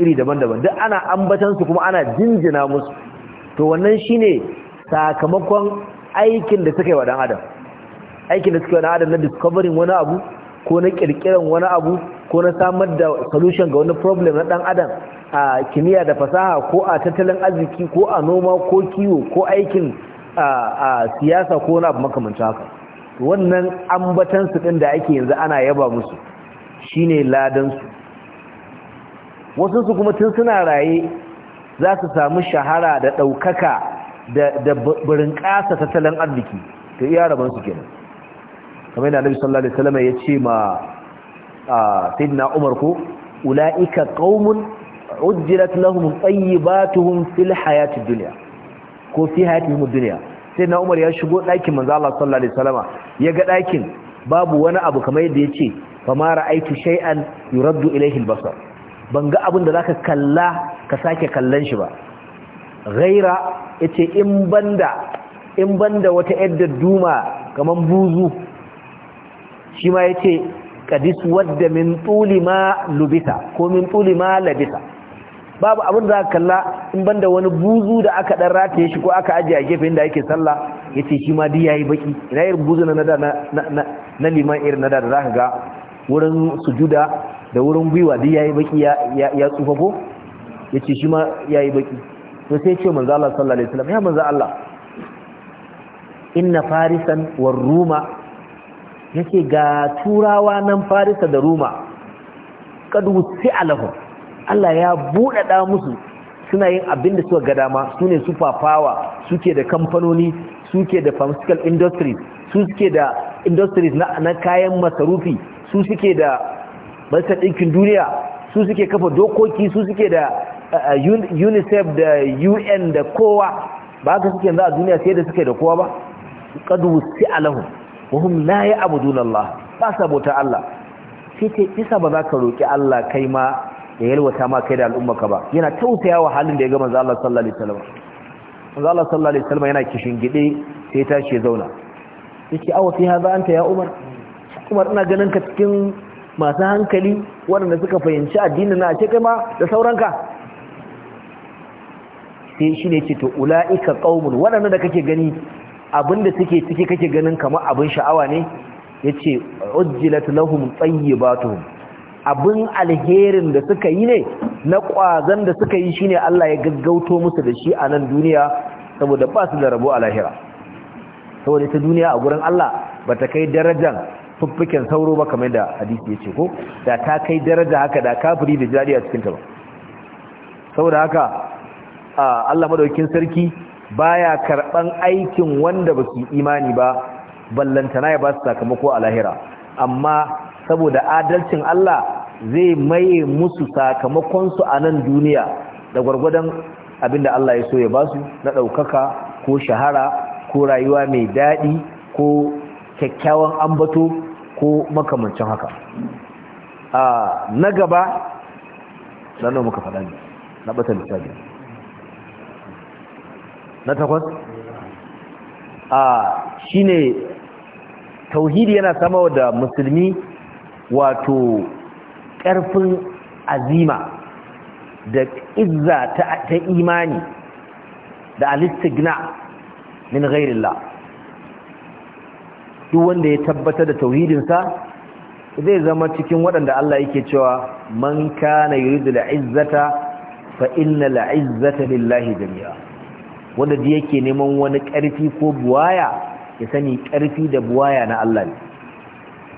iri daban-daban duk ana ambatansu kuma ana jinjina musu to wannan shine sakamakon aikin da suka yi wa dan adam aikin da suka yi wa dan adam na discovering wani abu ko na kirkiran wani abu ko na samar da solution ga wani problem na dan adam a kimiyya da fasaha ko a tattalin arziki ko a noma ko kiwo ko aikin a siyasa ko na makamanta haka wannan ambatan su din da ake yanzu ana yaba musu shine ladan su wasu su kuma tun suna raye za su samu shahara da daukaka da da burin kasa tattalin arziki to iya raban su kenan kamar yana Annabi sallallahu alaihi wasallam ya ce ma sayyidina Umar ko ulaika qaumun ujjilat lahum tayyibatuhum fil hayatid dunya ko fi hayati duniya sai na umar ya shigo ɗakin manzo Allah sallallahu alaihi wasallama ya ga ɗakin babu wani abu kamar yadda ya ce fa ma ra'aitu shay'an yuraddu ilayhi al-basar ban ga abin da zaka kalla ka sake kallon shi ba ghaira yace in banda in banda wata yadda duma kamar buzu shi ma yace qadis wadda min tuli ma lubita ko min tuli ma labita babu abin da kalla in banda wani buzu da aka dan rataye shi ko aka ajiye a gefe inda yake sallah yace shi ma duk yayi baki ina irin buzu na na na na liman irin na da zaka ga wurin sujuda da wurin gwiwa duk yayi baki ya ya tsufa ko yace shi ma yayi baki to sai ce manzo Allah sallallahu alaihi wasallam ya manzo Allah inna farisan war ruma yace ga turawa nan farisa da ruma kadu si alahum Allah ya buɗaɗa musu suna yin abin da suka ga dama su ne super power suke da kamfanoni suke da pharmaceutical industries su suke da industries na, kayan masarufi su suke da basar ɗinkin duniya su suke kafa dokoki su suke da unicef da un da kowa ba ka suke za a duniya sai da suke da kowa ba kadu si alahu wahum la ya abudun Allah ba sabota Allah sai ce isa ba za ka roƙi Allah kai ma ya yalwata ma kai da al'ummarka ba yana tausaya wa halin da ya ga manzo Allah sallallahu alaihi wasallam manzo Allah sallallahu alaihi wasallam yana kishin gide sai tashi ya zauna yake awa fi haza anta ya Umar Umar ina ganin ka cikin masu hankali waɗanda suka fahimci addinin na ce kai ma da sauranka sai shi ne ce to ulaika qaumun waɗanda da kake gani abinda suke ciki kake ganin kamar abin sha'awa ne yace ujjilat lahum tayyibatuhum abin alherin da suka yi ne na ƙwazon da suka yi shine Allah ya gaggauto musu da shi a nan duniya saboda ba su da rabo a lahira saboda ta duniya a gurin Allah ba ta kai darajar fuffuken sauro ba kamar da hadisi ya ce ko da ta kai daraja haka da kafiri da jari a cikinta ba saboda haka Allah madaukin sarki baya karɓan aikin wanda ba su imani ba ballantana ya ba su sakamako a lahira amma saboda adalcin Allah zai maye musu sakamakonsu a nan duniya da gwargwadon abinda Allah ya so ya basu na ɗaukaka ko shahara ko rayuwa mai daɗi ko kyakkyawan ambato ko makamancin haka a na gaba ɗanar muka faɗa ne na ɓata littafi na takwas a shine tauhidi yana samawa da musulmi wato ƙarfin azima da izza ta imani da alistigna min ghairillah duk wanda ya tabbatar da tauhidinsa zai zama cikin waɗanda Allah yake cewa man kana yuridu la'izzata fa inna la'izzata lillahi jami'a wanda yake neman wani ƙarfi ko buwaya ya sani ƙarfi da buwaya na Allah ne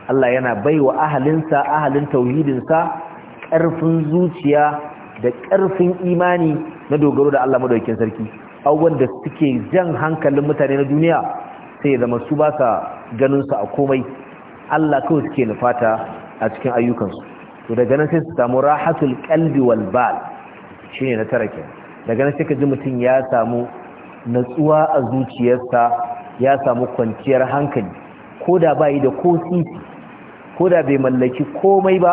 Allah yana bai wa ahalinsa ahalin tauhidinsa ƙarfin zuciya da ƙarfin imani na dogaro da Allah madaukin sarki abubuwan da suke jan hankalin mutane na duniya sai ya zama su ba sa ganin a komai Allah kawai suke nufata a cikin ayyukansu to daga nan sai su samu rahatul kalbi wal bal shine na tarake daga nan sai ka ji mutum ya samu natsuwa a zuciyarsa ya samu kwanciyar hankali ko da bayi da ko sisi Koda bai mallaki komai ba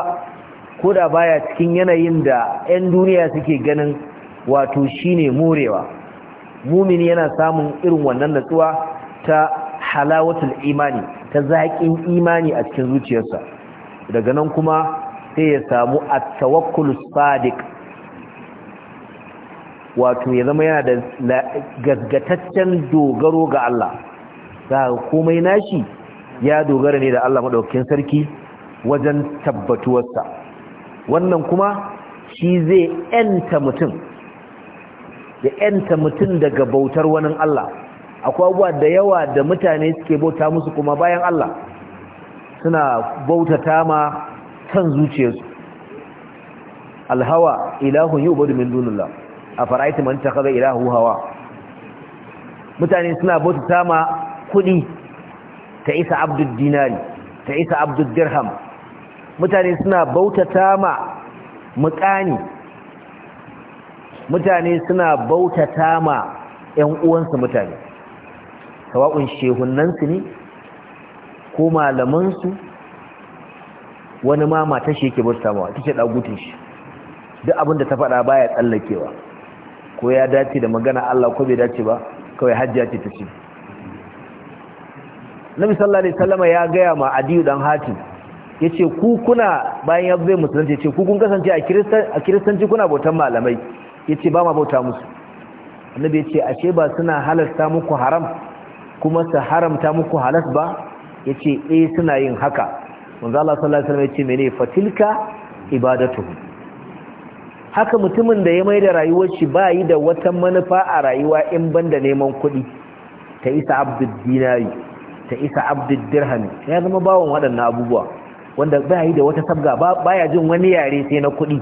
koda baya cikin yanayin da 'yan duniya suke ganin wato shine morewa mumini yana samun irin wannan natsuwa ta halawatul imani ta zaƙin imani a cikin zuciyarsa daga nan kuma sai ya samu at-tawakkul sadiq wato ya zama yana da gaggataccen dogaro ga Allah za komai nashi ya dogara ne da Allah madaukakin sarki wajen tabbatuwarsa wannan kuma shi zai yanta mutum da yanta mutum daga bautar wani Allah akwai abuwa da yawa da mutane suke bauta musu kuma bayan Allah suna bautata ma kan zuciyarsu alhawa ilahun yubadu min dunillah faraitu man takhadha ilahu hawa mutane suna bauta ma kudi ta isa abdul dinari ta isa abdul dirham mutane suna bautata ma mutane suna bautata ma ‘yan uwansu mutane sawa'un shehunansu ne ko malamansu wani ma mata shi yake bauta mawa take ɗagutun shi duk abinda ta faɗa baya tsallakewa ko ya dace da magana Allah ko bai dace ba kawai hajjiya ce ta ce nabi sallallahu alaihi wasallam ya gaya ma adiyu dan hati yace ku kuna bayan ya zai musulunci yace ku kun kasance a kristan a kristanci kuna bautan malamai yace ba ma bauta musu annabi yace ashe ba suna halalta muku haram kuma su haramta muku halas ba yace eh suna yin haka manzo Allah sallallahu alaihi wasallam yace mene fatilka ibadatuhum haka mutumin da ya mai da rayuwar shi ba yi da wata manufa a rayuwa in banda neman kuɗi ta isa abdul dinari ta isa abdul dirhami ya zama bawon waɗannan abubuwa wanda ba yi da wata sabga ba ya jin wani yare sai na kuɗi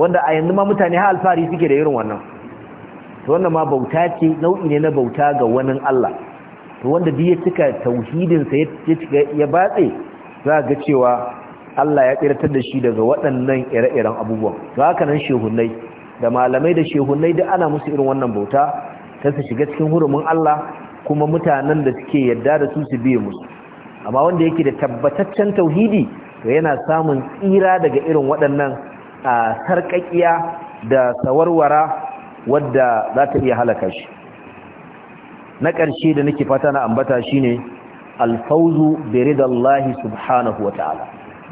wanda a yanzu ma mutane ha alfahari suke da irin wannan to wannan ma bauta ce nau'i ne na bauta ga wani Allah to wanda duk ya cika tauhidin sa ya batse za ga cewa Allah ya tsiratar da shi daga waɗannan ire-iren abubuwan to haka nan shehunnai da malamai da shehunnai duk ana musu irin wannan bauta ta su shiga cikin hurumin Allah kuma mutanen da suke yadda da su su biye musu amma wanda yake da tabbataccen tauhidi to yana samun tsira daga irin waɗannan a sarƙaƙiya da sawarwara wadda za ta iya halaka shi na ƙarshe da nake fata na ambata shine alfauzu bi ridallahi subhanahu ta'ala.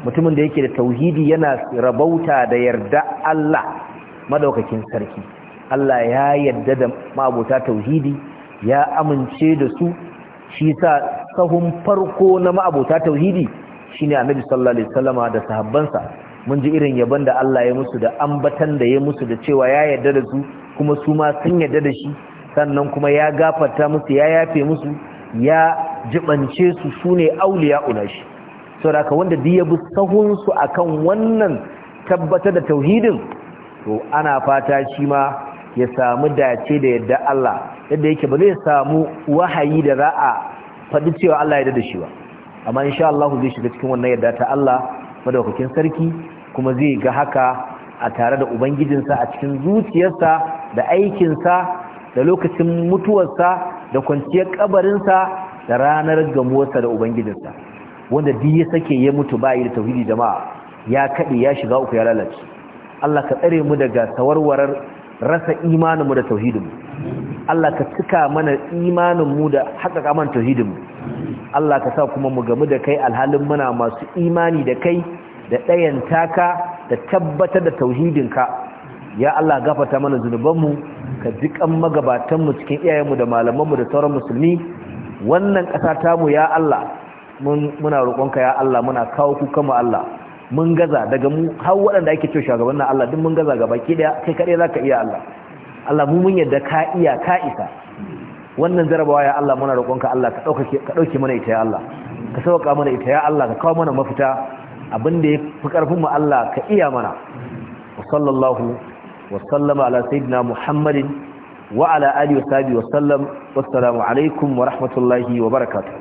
mutumin da yake da tauhidi yana rabauta da yarda Allah madaukakin sarki Allah ya yarda da mabota tauhidi ya amince da su shi sa sahun farko na ma'abota tauhidi shine annabi sallallahu alaihi wasallama da sahabbansa mun ji irin yabon da Allah ya musu da ambatan da ya musu da cewa ya yarda da su kuma su ma sun yarda da shi sannan kuma ya gafarta musu ya yafe musu ya jibance su sune auliya ulashi saboda ka wanda duk ya bi sahun su akan wannan tabbatar da tauhidin to ana fata shi ma ya samu dace da yadda Allah yadda yake ba zai samu wahayi da ra'a a faɗi cewa Allah ya dada shi ba amma insha Allah zai shiga cikin wannan yadda ta Allah madaukakin sarki kuma zai ga haka a tare da ubangijinsa a cikin zuciyarsa da aikinsa da lokacin mutuwarsa da kwanciyar kabarinsa da ranar gamuwarsa da ubangijinsa wanda duk ya sake ya mutu bayi da tauhidi jama'a ya kaɗe ya shiga uku ya lalace Allah ka tsare mu daga tawarwarar rasa imaninmu da tauhidinmu Allah ka cika mana imaninmu da haƙaƙa man tauhidinmu Allah ka sa kuma mu gamu da kai alhalin muna masu imani da kai da ɗayan taka da tabbatar da tauhidinka ya Allah gafata mana zunubanmu ka jiƙan magabatanmu cikin iyayenmu da malamanmu da sauran musulmi wannan ƙasa tamu ya Allah muna roƙonka ya Allah muna kawo mu Allah mun gaza daga mu har waɗanda ake cewa shugabannin Allah duk mun gaza gaba ki daya kai kadai zaka iya Allah Allah mu mun yadda ka iya ka isa wannan jarabawa ya Allah muna roƙonka Allah ka dauke ka dauke mana ita ya Allah ka sauka mana ita ya Allah ka kawo mana mafita abinda yafi karfin mu Allah ka iya mana sallallahu wa sallama ala sayyidina Muhammadin wa ala alihi wa sahbihi wa sallam wassalamu alaikum wa rahmatullahi wa barakatuh